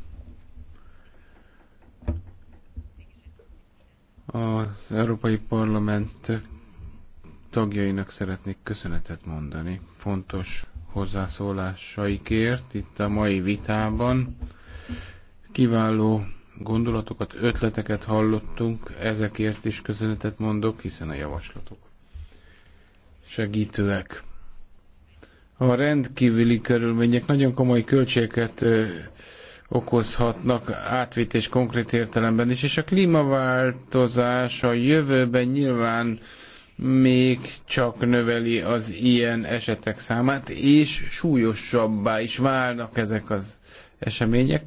Speaker 1: Az Európai Parlament tagjainak szeretnék köszönetet mondani. Fontos hozzászólásaikért itt a mai vitában. Kiváló gondolatokat, ötleteket hallottunk, ezekért is köszönetet mondok, hiszen a javaslatok segítőek. A rendkívüli körülmények nagyon komoly költségeket okozhatnak átvétés és konkrét értelemben is, és a klímaváltozás a jövőben nyilván még csak növeli az ilyen esetek számát, és súlyosabbá is válnak ezek az események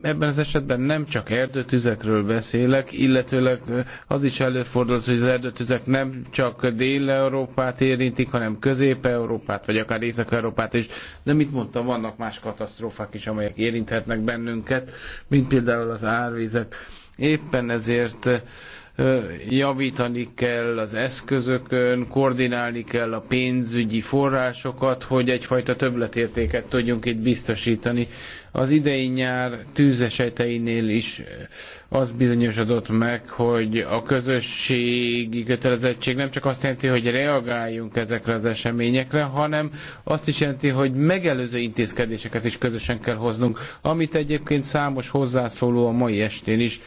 Speaker 1: ebben az esetben nem csak erdőtüzekről beszélek, illetőleg az is előfordul, hogy az erdőtüzek nem csak Dél-Európát érintik, hanem Közép-Európát, vagy akár Észak-Európát is. De mit mondtam, vannak más katasztrófák is, amelyek érinthetnek bennünket, mint például az árvizek. Éppen ezért javítani kell az eszközökön, koordinálni kell a pénzügyi forrásokat, hogy egyfajta többletértéket tudjunk itt biztosítani. Az idei nyár tűzeseteinél is az bizonyosodott meg, hogy a közösségi kötelezettség nem csak azt jelenti, hogy reagáljunk ezekre az eseményekre, hanem azt is jelenti, hogy megelőző intézkedéseket is közösen kell hoznunk, amit egyébként számos hozzászóló a mai estén is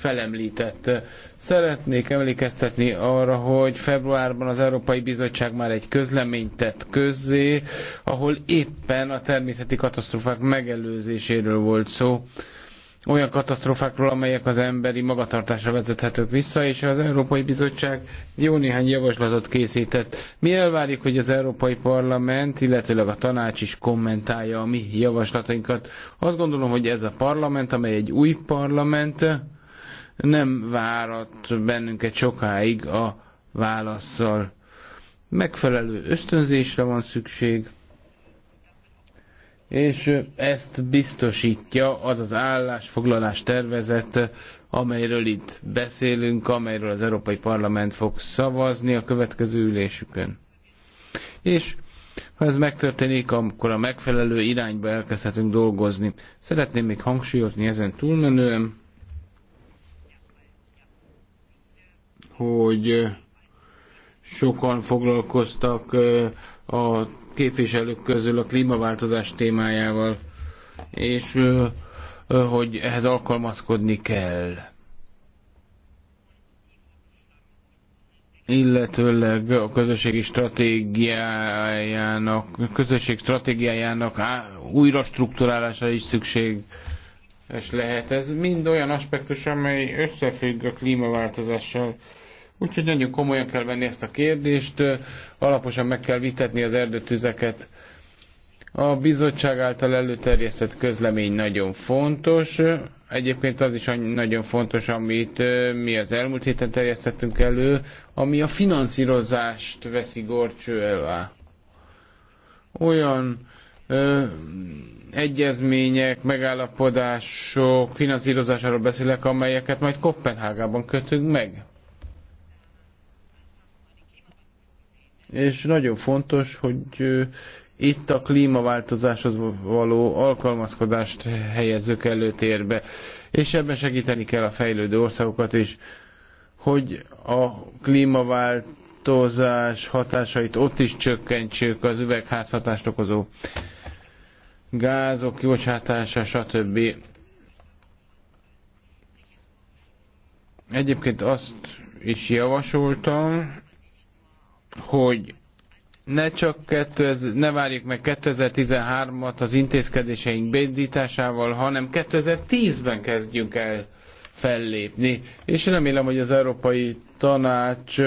Speaker 1: felemlített. Szeretnék emlékeztetni arra, hogy februárban az Európai Bizottság már egy közleményt tett közzé, ahol éppen a természeti katasztrófák megelőzéséről volt szó olyan katasztrófákról, amelyek az emberi magatartásra vezethetők vissza, és az Európai Bizottság jó néhány javaslatot készített. Mi elvárjuk, hogy az Európai Parlament, illetőleg a tanács is kommentálja a mi javaslatainkat. Azt gondolom, hogy ez a parlament, amely egy új parlament, nem várat bennünket sokáig a válaszsal. Megfelelő ösztönzésre van szükség, és ezt biztosítja az az állásfoglalás tervezet, amelyről itt beszélünk, amelyről az Európai Parlament fog szavazni a következő ülésükön. És ha ez megtörténik, akkor a megfelelő irányba elkezdhetünk dolgozni. Szeretném még hangsúlyozni ezen túlmenően, hogy sokan foglalkoztak a képviselők közül a klímaváltozás témájával, és hogy ehhez alkalmazkodni kell. illetőleg a közösségi stratégiájának, közösség stratégiájának újra struktúrálása is szükség és lehet. Ez mind olyan aspektus, amely összefügg a klímaváltozással. Úgyhogy nagyon komolyan kell venni ezt a kérdést, alaposan meg kell vitetni az erdőtüzeket. A bizottság által előterjesztett közlemény nagyon fontos. Egyébként az is nagyon fontos, amit mi az elmúlt héten terjesztettünk elő, ami a finanszírozást veszi gorcső elvá. Olyan ö, egyezmények, megállapodások finanszírozásáról beszélek, amelyeket majd Kopenhágában kötünk meg és nagyon fontos, hogy itt a klímaváltozáshoz való alkalmazkodást helyezzük előtérbe, és ebben segíteni kell a fejlődő országokat is, hogy a klímaváltozás hatásait ott is csökkentsük, az üvegházhatást okozó gázok kibocsátása, stb. Egyébként azt is javasoltam, hogy ne csak 2000, ne várjuk meg 2013-at az intézkedéseink bédításával, hanem 2010-ben kezdjünk el fellépni. És remélem, hogy az Európai Tanács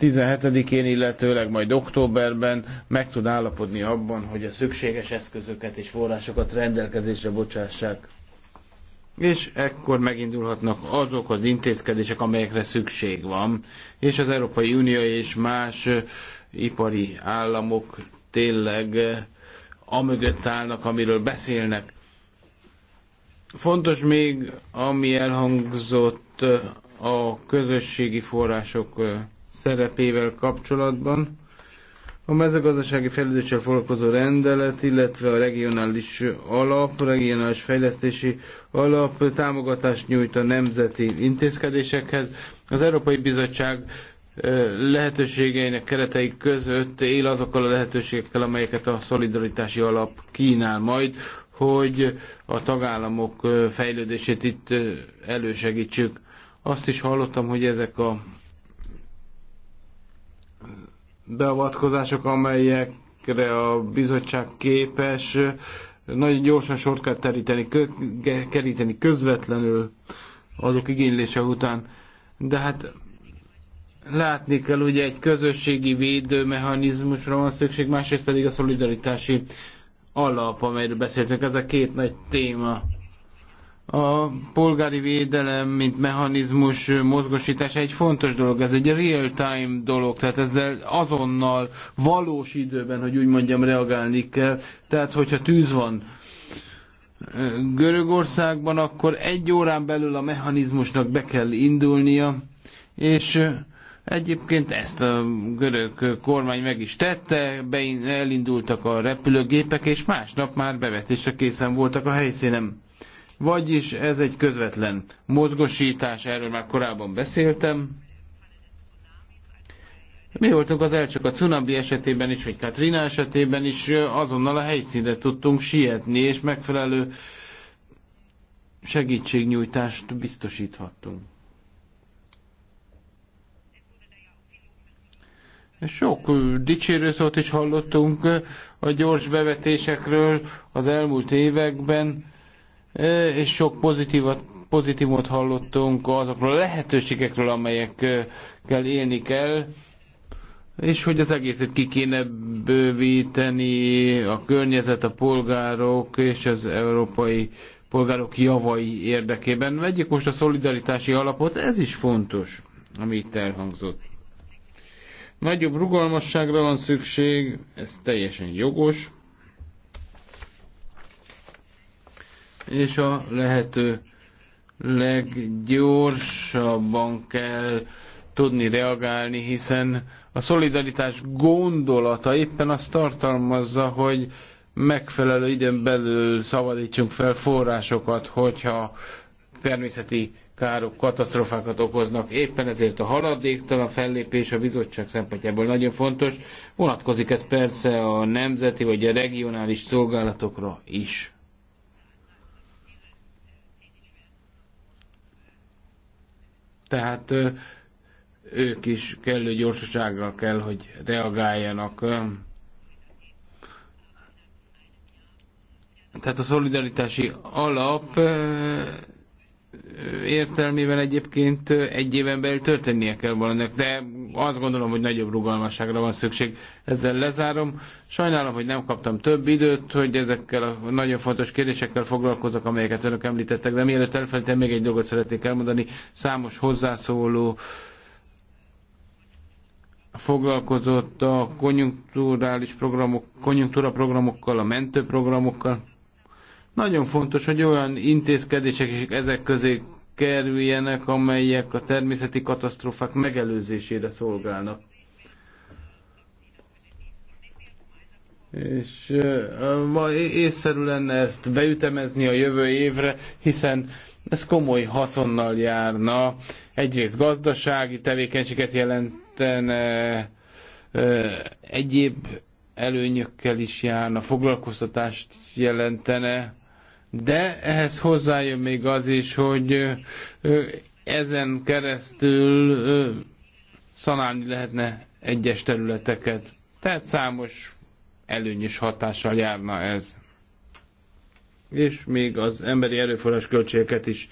Speaker 1: 17-én, illetőleg majd októberben meg tud állapodni abban, hogy a szükséges eszközöket és forrásokat rendelkezésre bocsássák és ekkor megindulhatnak azok az intézkedések, amelyekre szükség van, és az Európai Unió és más ipari államok tényleg amögött állnak, amiről beszélnek. Fontos még, ami elhangzott a közösségi források szerepével kapcsolatban. A mezőgazdasági fejlődéssel foglalkozó rendelet, illetve a regionális alap, regionális fejlesztési alap támogatást nyújt a nemzeti intézkedésekhez. Az Európai Bizottság lehetőségeinek keretei között él azokkal a lehetőségekkel, amelyeket a szolidaritási alap kínál majd, hogy a tagállamok fejlődését itt elősegítsük. Azt is hallottam, hogy ezek a beavatkozások, amelyekre a bizottság képes, nagyon gyorsan sort kell teríteni, kö, keríteni közvetlenül azok igénylése után. De hát látni kell, ugye egy közösségi védőmechanizmusra van szükség, másrészt pedig a szolidaritási alap, amelyről beszéltünk, ez a két nagy téma a polgári védelem, mint mechanizmus mozgosítása egy fontos dolog, ez egy real-time dolog, tehát ezzel azonnal, valós időben, hogy úgy mondjam, reagálni kell. Tehát, hogyha tűz van Görögországban, akkor egy órán belül a mechanizmusnak be kell indulnia, és Egyébként ezt a görög kormány meg is tette, be elindultak a repülőgépek, és másnap már bevetésre készen voltak a helyszínen. Vagyis ez egy közvetlen mozgosítás, erről már korábban beszéltem. Mi voltunk az elcsak a cunabi esetében is, vagy Katrina esetében is, azonnal a helyszínre tudtunk sietni, és megfelelő segítségnyújtást biztosíthattunk. Sok dicsérő szót is hallottunk a gyors bevetésekről az elmúlt években és sok pozitívat, pozitívot hallottunk azokról a lehetőségekről, amelyekkel élni kell, és hogy az egészet ki kéne bővíteni, a környezet, a polgárok és az európai polgárok javai érdekében. Vegyük most a szolidaritási alapot, ez is fontos, ami itt elhangzott. Nagyobb rugalmasságra van szükség, ez teljesen jogos. és a lehető leggyorsabban kell tudni reagálni, hiszen a szolidaritás gondolata éppen azt tartalmazza, hogy megfelelő időn belül szabadítsunk fel forrásokat, hogyha természeti károk, katasztrofákat okoznak. Éppen ezért a haladéktalan fellépés a bizottság szempontjából nagyon fontos. Vonatkozik ez persze a nemzeti vagy a regionális szolgálatokra is. tehát ők is kellő gyorsasággal kell, hogy reagáljanak. Tehát a szolidaritási alap értelmében egyébként egy éven belül történnie kell valaminek, de azt gondolom, hogy nagyobb rugalmasságra van szükség. Ezzel lezárom. Sajnálom, hogy nem kaptam több időt, hogy ezekkel a nagyon fontos kérdésekkel foglalkozok, amelyeket önök említettek, de mielőtt elfelejtem, még egy dolgot szeretnék elmondani. Számos hozzászóló foglalkozott a konjunkturális programok, konjunktúra programokkal, a mentőprogramokkal nagyon fontos, hogy olyan intézkedések is ezek közé kerüljenek, amelyek a természeti katasztrófák megelőzésére szolgálnak. És észszerű lenne ezt beütemezni a jövő évre, hiszen ez komoly haszonnal járna. Egyrészt gazdasági tevékenységet jelentene, egyéb előnyökkel is járna, foglalkoztatást jelentene, de ehhez hozzájön még az is, hogy ezen keresztül szanálni lehetne egyes területeket. Tehát számos előnyös hatással járna ez. És még az emberi erőforrás költségeket is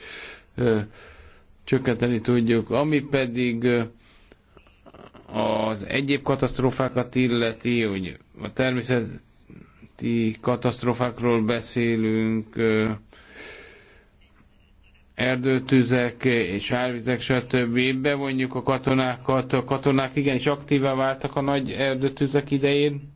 Speaker 1: csökkenteni tudjuk. Ami pedig az egyéb katasztrófákat illeti, hogy a természet környezeti katasztrofákról beszélünk, erdőtüzek és árvizek, stb. Bevonjuk a katonákat. A katonák igenis aktívá váltak a nagy erdőtüzek idején.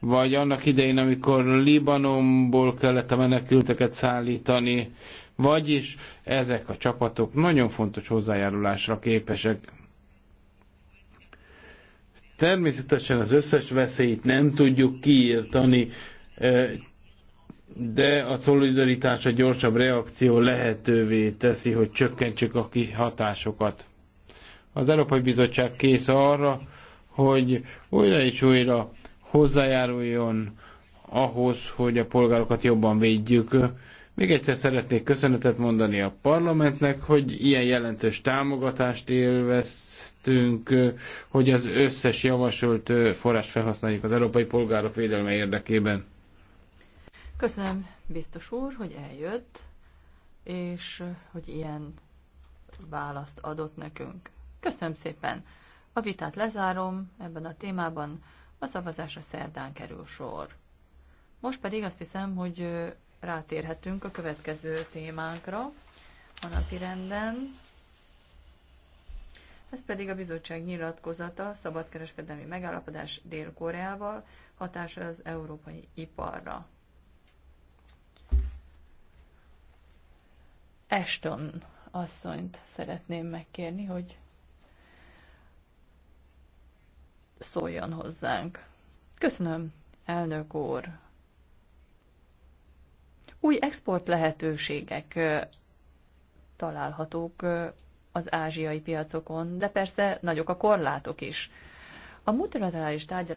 Speaker 1: Vagy annak idején, amikor Libanonból kellett a menekülteket szállítani. Vagyis ezek a csapatok nagyon fontos hozzájárulásra képesek. Természetesen az összes veszélyt nem tudjuk kiírtani, de a szolidaritás a gyorsabb reakció lehetővé teszi, hogy csökkentsük a hatásokat. Az Európai Bizottság kész arra, hogy újra és újra hozzájáruljon ahhoz, hogy a polgárokat jobban védjük. Még egyszer szeretnék köszönetet mondani a parlamentnek, hogy ilyen jelentős támogatást élvez tettünk, hogy az összes javasolt forrás felhasználjuk az európai polgárok védelme érdekében.
Speaker 3: Köszönöm, biztos úr, hogy eljött, és hogy ilyen választ adott nekünk. Köszönöm szépen! A vitát lezárom ebben a témában, a szavazásra szerdán kerül sor. Most pedig azt hiszem, hogy rátérhetünk a következő témánkra a napirenden ez pedig a bizottság nyilatkozata, szabadkereskedelmi megállapodás Dél-Koreával, hatása az európai iparra. Ashton asszonyt szeretném megkérni, hogy szóljon hozzánk. Köszönöm, elnök úr. Új export lehetőségek találhatók az ázsiai piacokon, de persze nagyok a korlátok is. A multilaterális tárgyalások